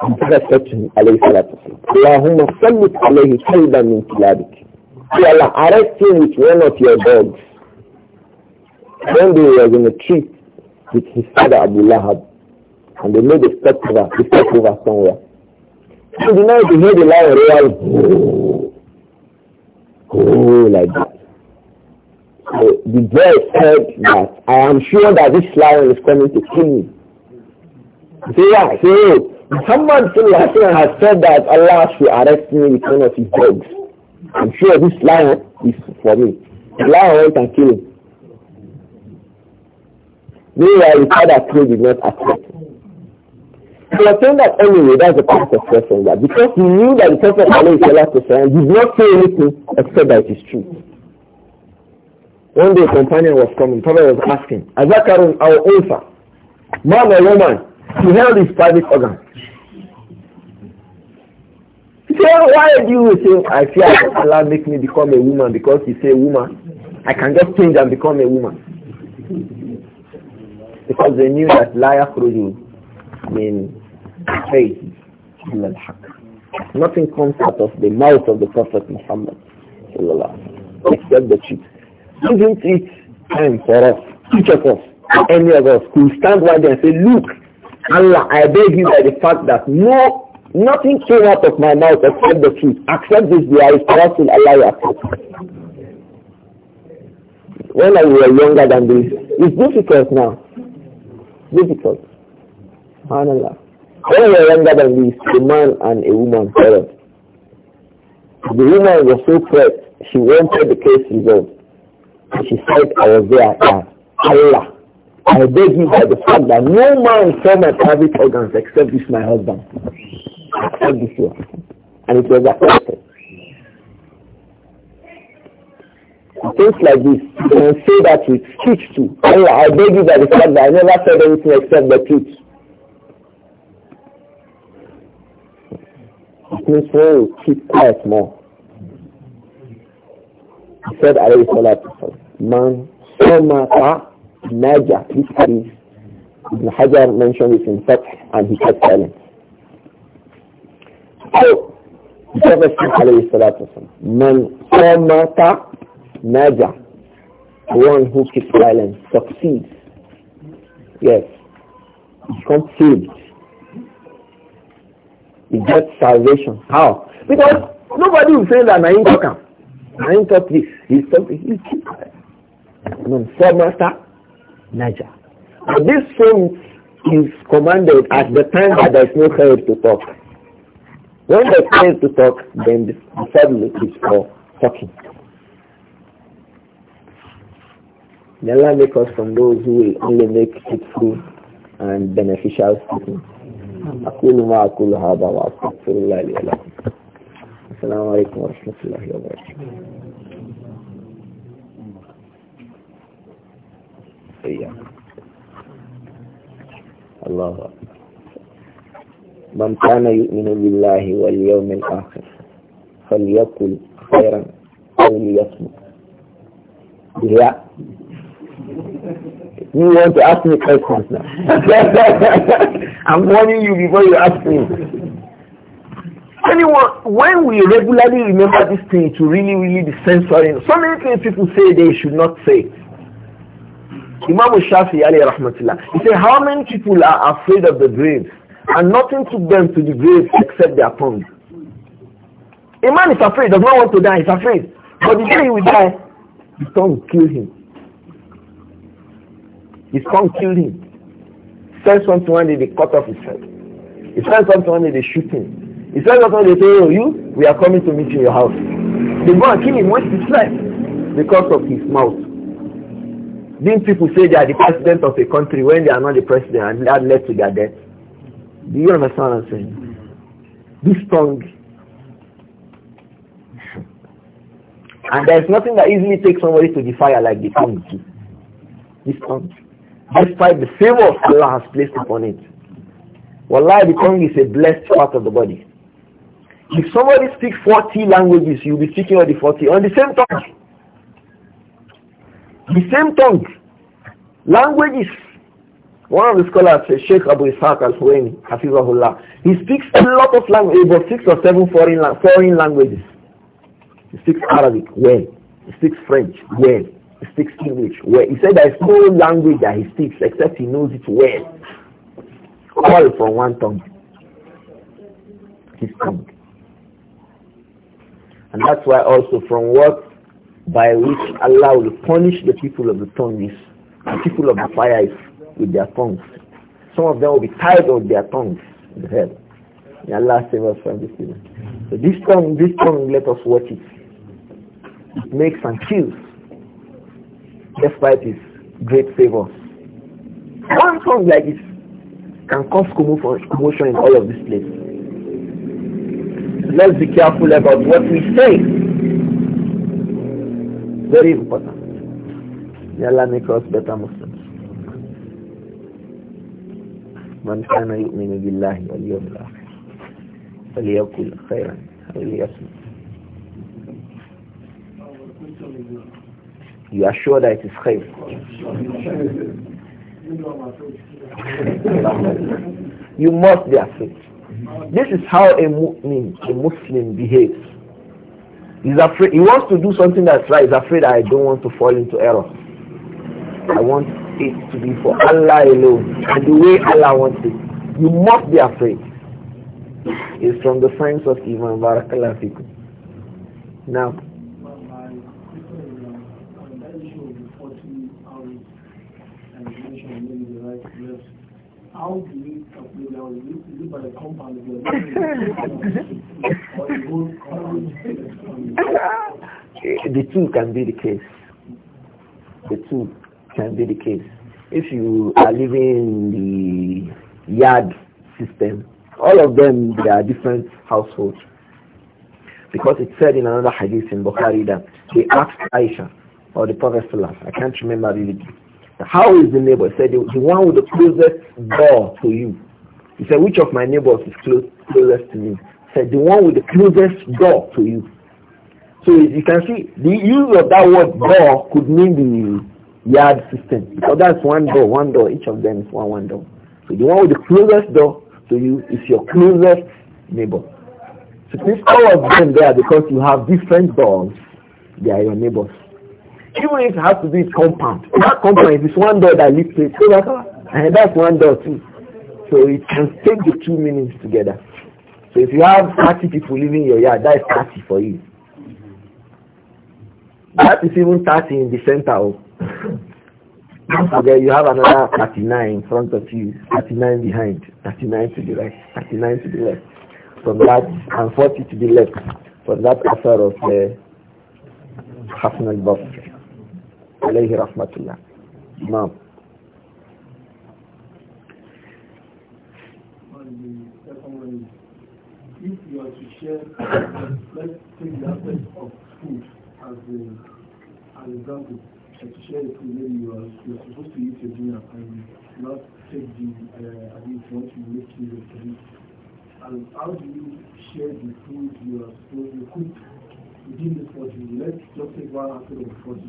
And Prophet said to him, alayhi salatu Allahumma sallit alayhi kalban min kilabik. Allah, arrest him with one of your dogs. One day he was in a trip with his father Abu Lahab. And they made a stopover, a stopover somewhere. So the night he heard the lion roar, oh, like that the boy said that I am sure that this lion is coming to kill me. So yeah, so Muhammad has said that Allah should arrest me with one of his dogs. I'm sure this lion is for me. The lion can kill him. Meanwhile, the father still did not accept. They are saying that anyway, that's the point of question that because he knew that the Prophet did not say anything except that it is true. One day a companion was coming. Prophet was asking, Azakarun our Ulfa, man or woman, he held his private organ. He said, why do you think I fear Allah make me become a woman because he say woman? I can just change and become a woman. Because they knew that la yakhruju mean faith illa Nothing comes out of the mouth of the Prophet Muhammad Allah, except the truth. Isn't it time for us, each of us, any of us, to stand one day and say, look, Allah, I beg you by the fact that no, nothing came out of my mouth except the truth. Accept this, there is trust in Allah, you When I were younger than this, it's difficult now. Difficult. Subhanallah. When I were younger than this, a man and a woman quarreled. The woman was so pressed, she wanted the case resolved. She said, I was there uh, Allah, I beg you by the fact that no man saw my private organs except this my husband. Except this one. And it was accepted. Things like this, you can say that with speech too. Allah, I beg you by the fact that I never said anything except the truth. It means we will keep quiet more. He said, "I alayhi salatu man samata naja. This hadith, Ibn Hajar mentioned it in fact, and he kept silent. So, the Prophet alayhi salatu wasalam, man samata naja. One who keeps silent succeeds. Yes, becomes saved. He gets salvation. How? Because nobody will say that Nain Kokam. Nain taught this. He's something. He's من master, نجا. And this thing is commanded at the time that there is no head to talk. When there is head to talk, then the, the is for talking. May Allah make us from those who will only make it fruitful and beneficial statements. أقول ما أقول هذا وأستغفر الله لي ولكم السلام عليكم ورحمة الله وبركاته إياه الله أكبر من كان يؤمن بالله واليوم الآخر فليقل خيرا أو ليصمت Yeah. You want to ask me questions now. I'm warning you before you ask me. Anyone, when we regularly remember this thing, to really, really be censoring. So many things people say they should not say. Imam Shafi Ali Rahmatullah, he said, how many people are afraid of the grave? And nothing took them to the grave except their tongue. A man is afraid, does not want to die, he's afraid. But the day he will die, his tongue will kill him. His tongue killed him. He one something one they cut off his head. He said something to day they shoot him. He said something they say, oh you, we are coming to meet you in your house. They go and kill him, waste his life because of his mouth. These people say they are the president of a country when they are not the president and that led to their death. Do you understand what I'm saying? This tongue. And there is nothing that easily takes somebody to the fire like the tongue. This tongue. Despite the favor of Allah has placed upon it. Wallahi, the tongue is a blessed part of the body. If somebody speaks 40 languages, you'll be speaking all the 40 on the same tongue. The same tongue. Language is one of the scholars, uh, Sheikh Abu Ishaq al-Huwaini, Hafizahullah, he speaks a lot of languages, eh, about six or seven foreign, foreign languages. He speaks Arabic well. He speaks French well. He speaks English well. He said there is no language that he speaks except he knows it well. All from one tongue. His tongue. And that's why also from what by which Allah will punish the people of the tongues. The people of the fires with their tongues. Some of them will be tied on their tongues in hell. May Allah save us from this evil. So this tongue, this tongue, let us watch it. It makes and kills, despite its great favors. One tongue like this can cause commotion in all of this place. Let's be careful about what we say. Very important. May Allah make us من كان يؤمن بالله واليوم الآخر فليقل خيرا أو You are sure that it is خير You must be afraid. This is how a mu'min, a Muslim behaves. He's afraid. He wants to do something that's right. He's afraid I don't want to fall into error. I want it to be for Allah alone and the way Allah wants it. You must be afraid. It's from the science of Imam Barakallah Fikum. Now, how do by compound the two can be the case. The two can be the case. If you are living in the yard system, all of them they are different households. Because it said in another hadith in Bukhari that they asked Aisha or the Prophet I can't remember really. How is the neighbor? He said the, the one with the closest door to you he said, which of my neighbors is close, closest to me? He said, the one with the closest door to you. So you can see, the use of that word door could mean the yard system. So that's one door, one door. Each of them is one, one door. So the one with the closest door to you is your closest neighbor. So please, all of them there because you have different doors. They are your neighbors. Even if it has to be compound. That compound, if it's one door that leads to it, and that's one door too. So it can take the two meanings together. So if you have 30 people living in your yard, that is 30 for you. That is even 30 in the center. Okay, oh. you have another 39 in front of you, 39 behind, 39 to the right, 39 to the left. From that, and 40 to the left. From that after of the uh, Hassan al-Basri. alayhi rahmatullah. Imam. share, let's take the aspect of food as, a, an example. Like to share the food, maybe you are, you are supposed to eat your dinner and not take the, uh, I mean, once you make your food. And how do you share the food you are supposed to cook within the 40 Let's just take one aspect of the 40.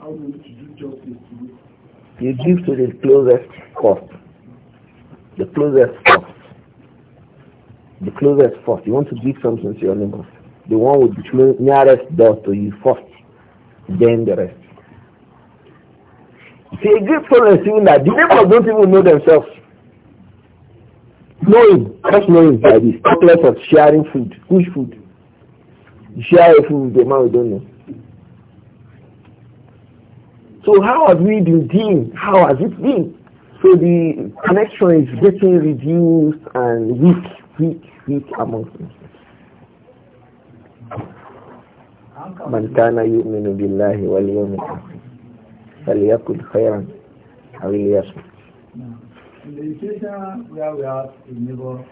How do you do justice to this? You give to the closest cost. The closest cost the closest first. You want to give something to your neighbor. The one with the nearest door to you first, then the rest. See, a great problem is even that the neighbors don't even know themselves. Knowing, just knowing by this, talk of sharing food. Which food? Share food with the man we don't know. So how have we been dealing? How has it been? So the connection is getting reduced and weak, weak, speak amongst من كان يؤمن بالله واليوم الآخر فليقل خيرا أو ليصمت. In the situation where we have a neighbor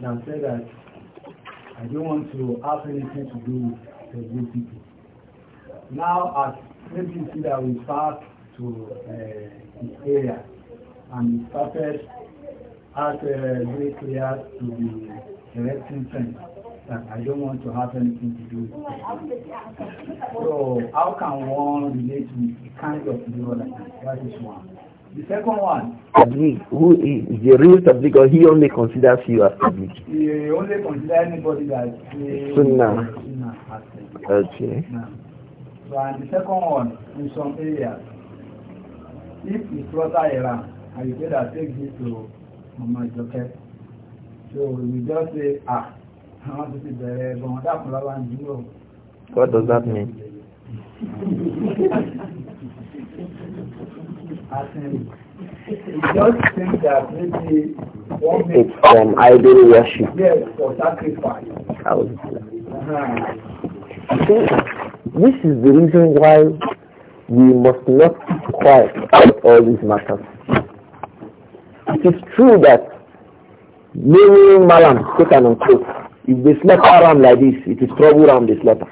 that said that I don't want to have anything to do with the good people. Now, as maybe you see that we start to uh, this area and we started as a way clear to the erecting friend that I don't want to have anything to do with it. So how can one relate with the kind of law like that? is one. The second one. Tabligh, who is, is the real Tabligh or he only considers you as Tabligh? He only considers anybody that is Sunnah. Sunnah as Okay. so and the second one, in some areas, if you slaughter a and you say that take this to ọmọ ìjọkẹ́ so ìjọ ṣe à àwọn tó ti bẹ̀rẹ̀ ẹ̀gbọ́n dákùn lọ́wọ́ àjúmọ̀ What does that mean? just think that maybe one minute. It's from idol worship. Yes, for sacrifice. I think uh-huh. this is the reason why we must not quiet about all these matters. It is true that many malam, quote and unquote, if they slaughter ram like this, it is trouble ram they slaughter.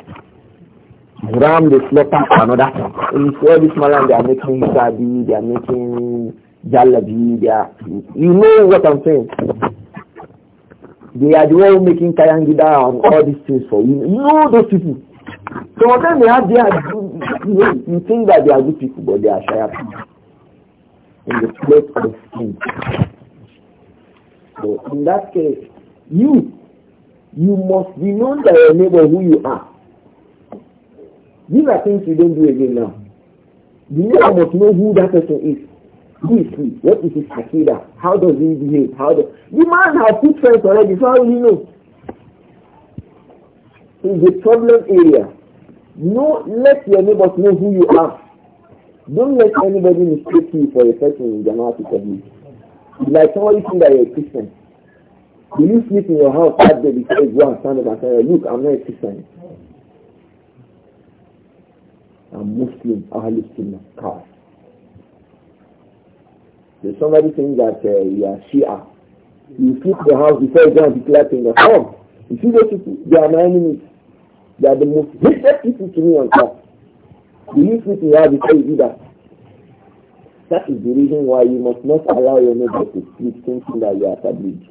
Ram they slaughter another time. And all this malam they are making hisabi, they are making jalabi, they are, you know what I'm saying. They are the one making kayangida and all these things for you. You know those people. Some of them they have their, you, know, you think that they are good people, but they are shy people in the place of sin. So in that case, you, you must be known by your neighbor who you are. These are things you don't do again now. The neighbor must know who that person is. Who is he? What is his akida? How does he behave? How does the man have two friends already, so how will he know? In a problem area. No, let your neighbors know who you are. Don't let anybody mistake you for a person in Jamaat Tabligh. Like somebody think that you're a Christian. do you sleep in your house that day because you are stand up and say, look, I'm not a Christian. I'm Muslim, Ahlul Sunnah, Kaf. There's somebody saying that uh, you are Shia. You sleep in the house before you go and declare in the You see those people, they are my enemies. They are the most hated people to me on earth. You use it you have before you do that. That is the reason why you must not allow your neighbor to sleep thinking that you are tabligh.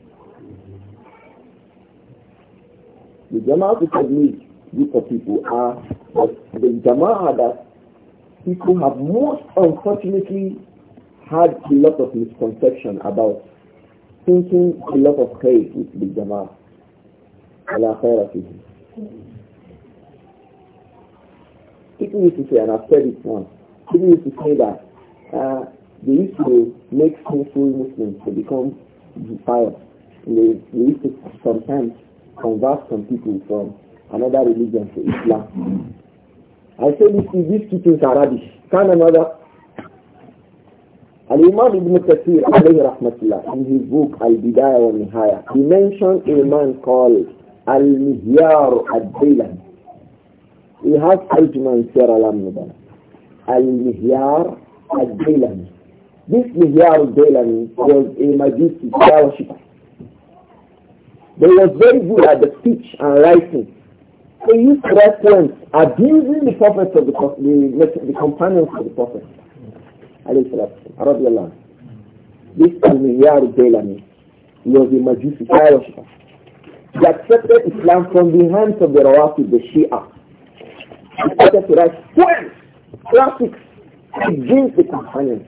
The jama'ah to tabligh group of people are the jama'ah that people have most unfortunately had a lot of misconception about thinking a lot of hate with the jama'ah. People used to say, and I've said it once. people used to say that uh, they used to make sinful Muslims to become pious. They, they used to sometimes convert some people from another religion to Islam. I say this, these things are rubbish. Can another? Al-Imam Ibn Kathir alayhi rahmatullah in his book Al-Bidayah wa Nihaya he mentioned a man called Al-Mihyar Ad-Daylan we have eight man Sierra Lamnubala. Al-Mihyar al-Dailami. This Mihyar al-Dailami was a Majusi scholarship. They was very good at the speech and writing. They used to poems abusing the prophets of the, the, companions of the prophet. This mihyar al-Dailami was a Majusi scholarship. He accepted Islam from the hands of the Rawatib, the Shia. He started to write poems, classics, against the companions.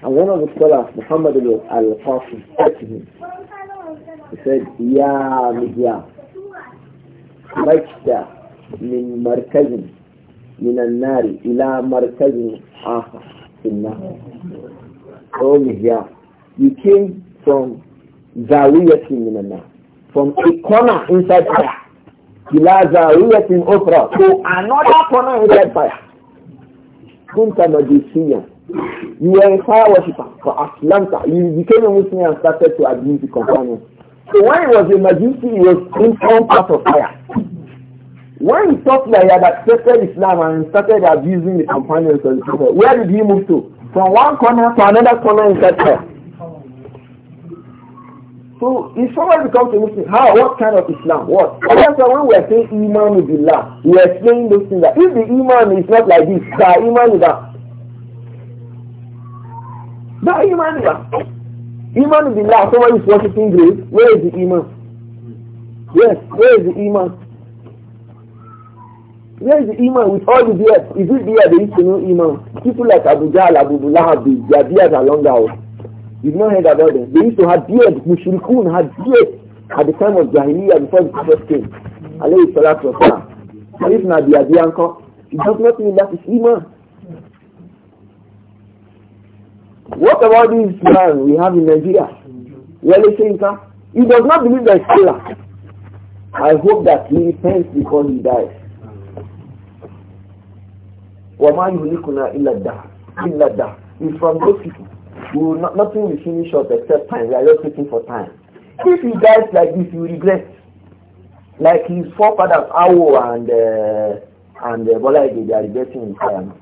And one of the scholars, Muhammad al-Qasim, said to him, he said, Ya Mihya, رجت min مركز min al-nari ila آخر في النار. Oh Mihya, you came from Zawiyati min al from a corner inside fire. إلى زاوية أخرى to another corner in that fire كنت مجلسيا you were a fire worshipper for Atlanta you became a Muslim and started to abuse the companions so when he was a Majusi he was in some part of fire when he thought that he had accepted Islam and started abusing the companions of the Prophet where did he move to from one corner to another corner in that fire So if someone becomes a Muslim, how? What kind of Islam? What? That's why when we are saying Iman Billah, we are saying those things that if the Iman is not like this, that Iman is that. That Iman is that. Iman Billah, someone is worshipping grave, where is the Iman? Yes, where is the Iman? Where is the Iman with all the beard? Is it there they used to know Iman? People like Abu Jahl, Abu Lahab, the Jabiyas along the house. You've not heard about them. They used to have beards. Mushrikun had beards at the time of Jahiliyyah before the Prophet came. is salatu wa salam. If not the Adiyanko, it does not mean that is Iman. What about this man we have in Nigeria? Yele Shinka? He does not believe that Allah. I hope that he repents before he dies. وَمَا يُهْلِكُنَا إِلَّا الدَّهْرِ إِلَّا He's from those people. We will not, nothing will finish up except time. We are just waiting for time. If he dies like this, you regret. Like his forefathers, Awo and uh, and uh, Bola they are regretting time.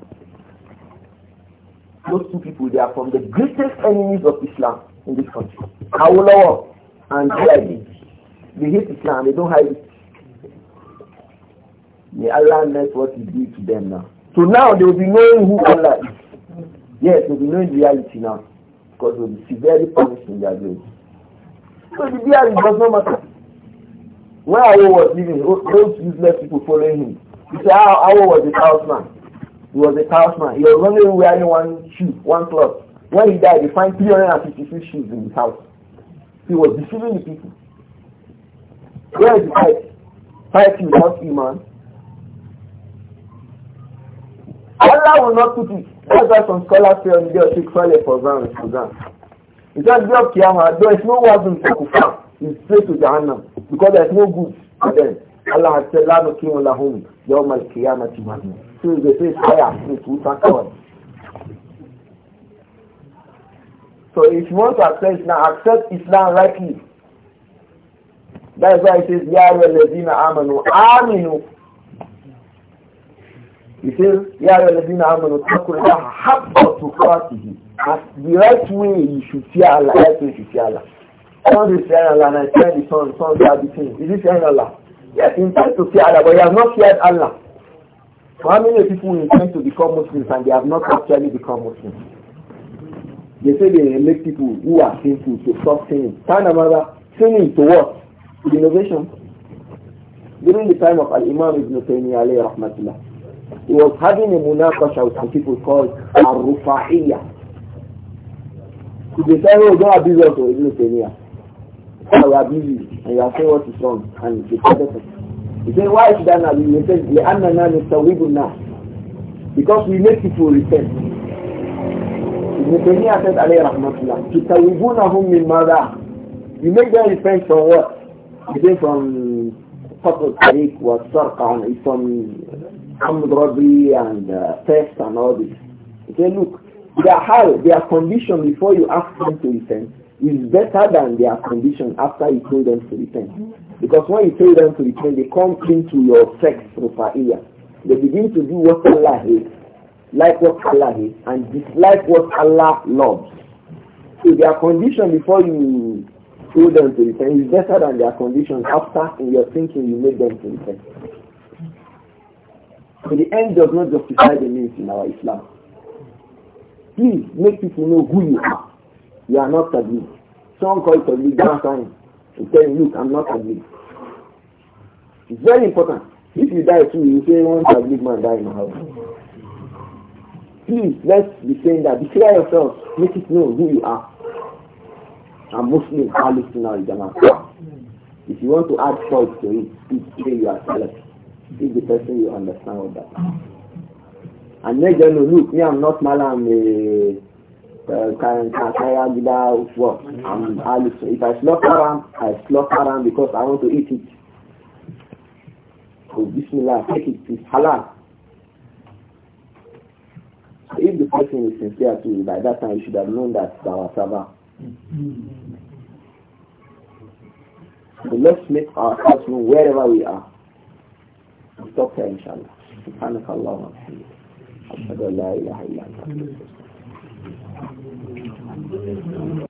Those two people, they are from the greatest enemies of Islam in this country. Awolowo and Bola They hate Islam. They don't hide it. May Allah knows what he did to them now. So now they will be knowing who Allah is. Yes, they will be knowing reality now. God will be severely punished in their graves. So the beard does not matter. Where Awo was living, those useless people following him. You said, ah, Awo was a talisman. He was a talisman. He was only wearing one shoe, one cloth. When he died, they find 356 shoes in his house. He was deceiving the people. Where is the fight? Fight without iman. Allah will not put it. That's why some scholars say on the day of Tikfale for Zan in Sudan. He said, day of Qiyamah, there is no wazn for Kufar. It's straight to Jahannam because there is no good for them. Allah has said, لَا نُقِيمُ لَهُمْ يَوْمَ الْقِيَامَةِ وَزْنَ So they say, fire, it will conquer So if you want to accept now, accept Islam rightly. That is why it says, يَا وَالَّذِينَ آمَنُوا آمِنُوا He says, Ya Rabina Amanu Takurah Habba Tukatihi. As the right way you should fear Allah, right way you should fear Allah. Son is fearing Allah and I fear the son, son fear the king. Is this fearing Allah? Yes, he intends to fear Allah, but he has not feared Allah. So how many people intend to become Muslims and they have not actually become Muslims? They say they make people who are sinful to stop sinning. Turn another sinning to what? To innovation. During the time of Al-Imam Ibn Taymiyyah alayhi rahmatullah, he was having a munakasha with some people called Ar-Rufa'iyya. They said, oh, don't abuse us, or Ibn Taymiyyah. We are busy, and you are saying what is wrong, and they said He said, why should I not be? He said, "The is لِأَنَّنَا wibu النَّاسِ Because we make people repent. Ibn Taymiyyah said, عليه رحمة الله, تُسَوِّبُونَهُمْ مِنْ مَاذَا You make them repent from what? He said, from فقر الطريق والسرقة عن from." armed and uh, theft and all this. Okay, look, their hal, their condition before you ask them to repent is better than their condition after you told them to repent. Because when you tell them to repent, they come into your sex profaia. They begin to do what Allah hates, like what Allah hates, and dislike what Allah loves. So their condition before you told them to repent is better than their condition after in your thinking you made them to repent. So the end does not justify the means in our Islam. Please make people know who you are. You are not tabligh. Some call it a don't sign. You tell him, look, I'm not tabligh. It's very important. If you die too, you say one big man died in my house. Please, let's be saying that. Declare yourself. Make it known who you are. I'm Muslim, Palestinian, Jamaat. If you want to add salt to it, please say you are Salaf. If the person you understand all that. And make them know, look, me, I'm not Mala, I'm a Kankaya Gida, what? I'm Alice. If I slaughter ram, I slaughter ram because I want to eat it. So Bismillah, take it, it's halal. So if the person is sincere to you, by that time you should have known that it's our server. So let's make ourselves known wherever we are. We إن شاء الله سبحانك اللهم وبحمدك أشهد أن لا إله إلا أنت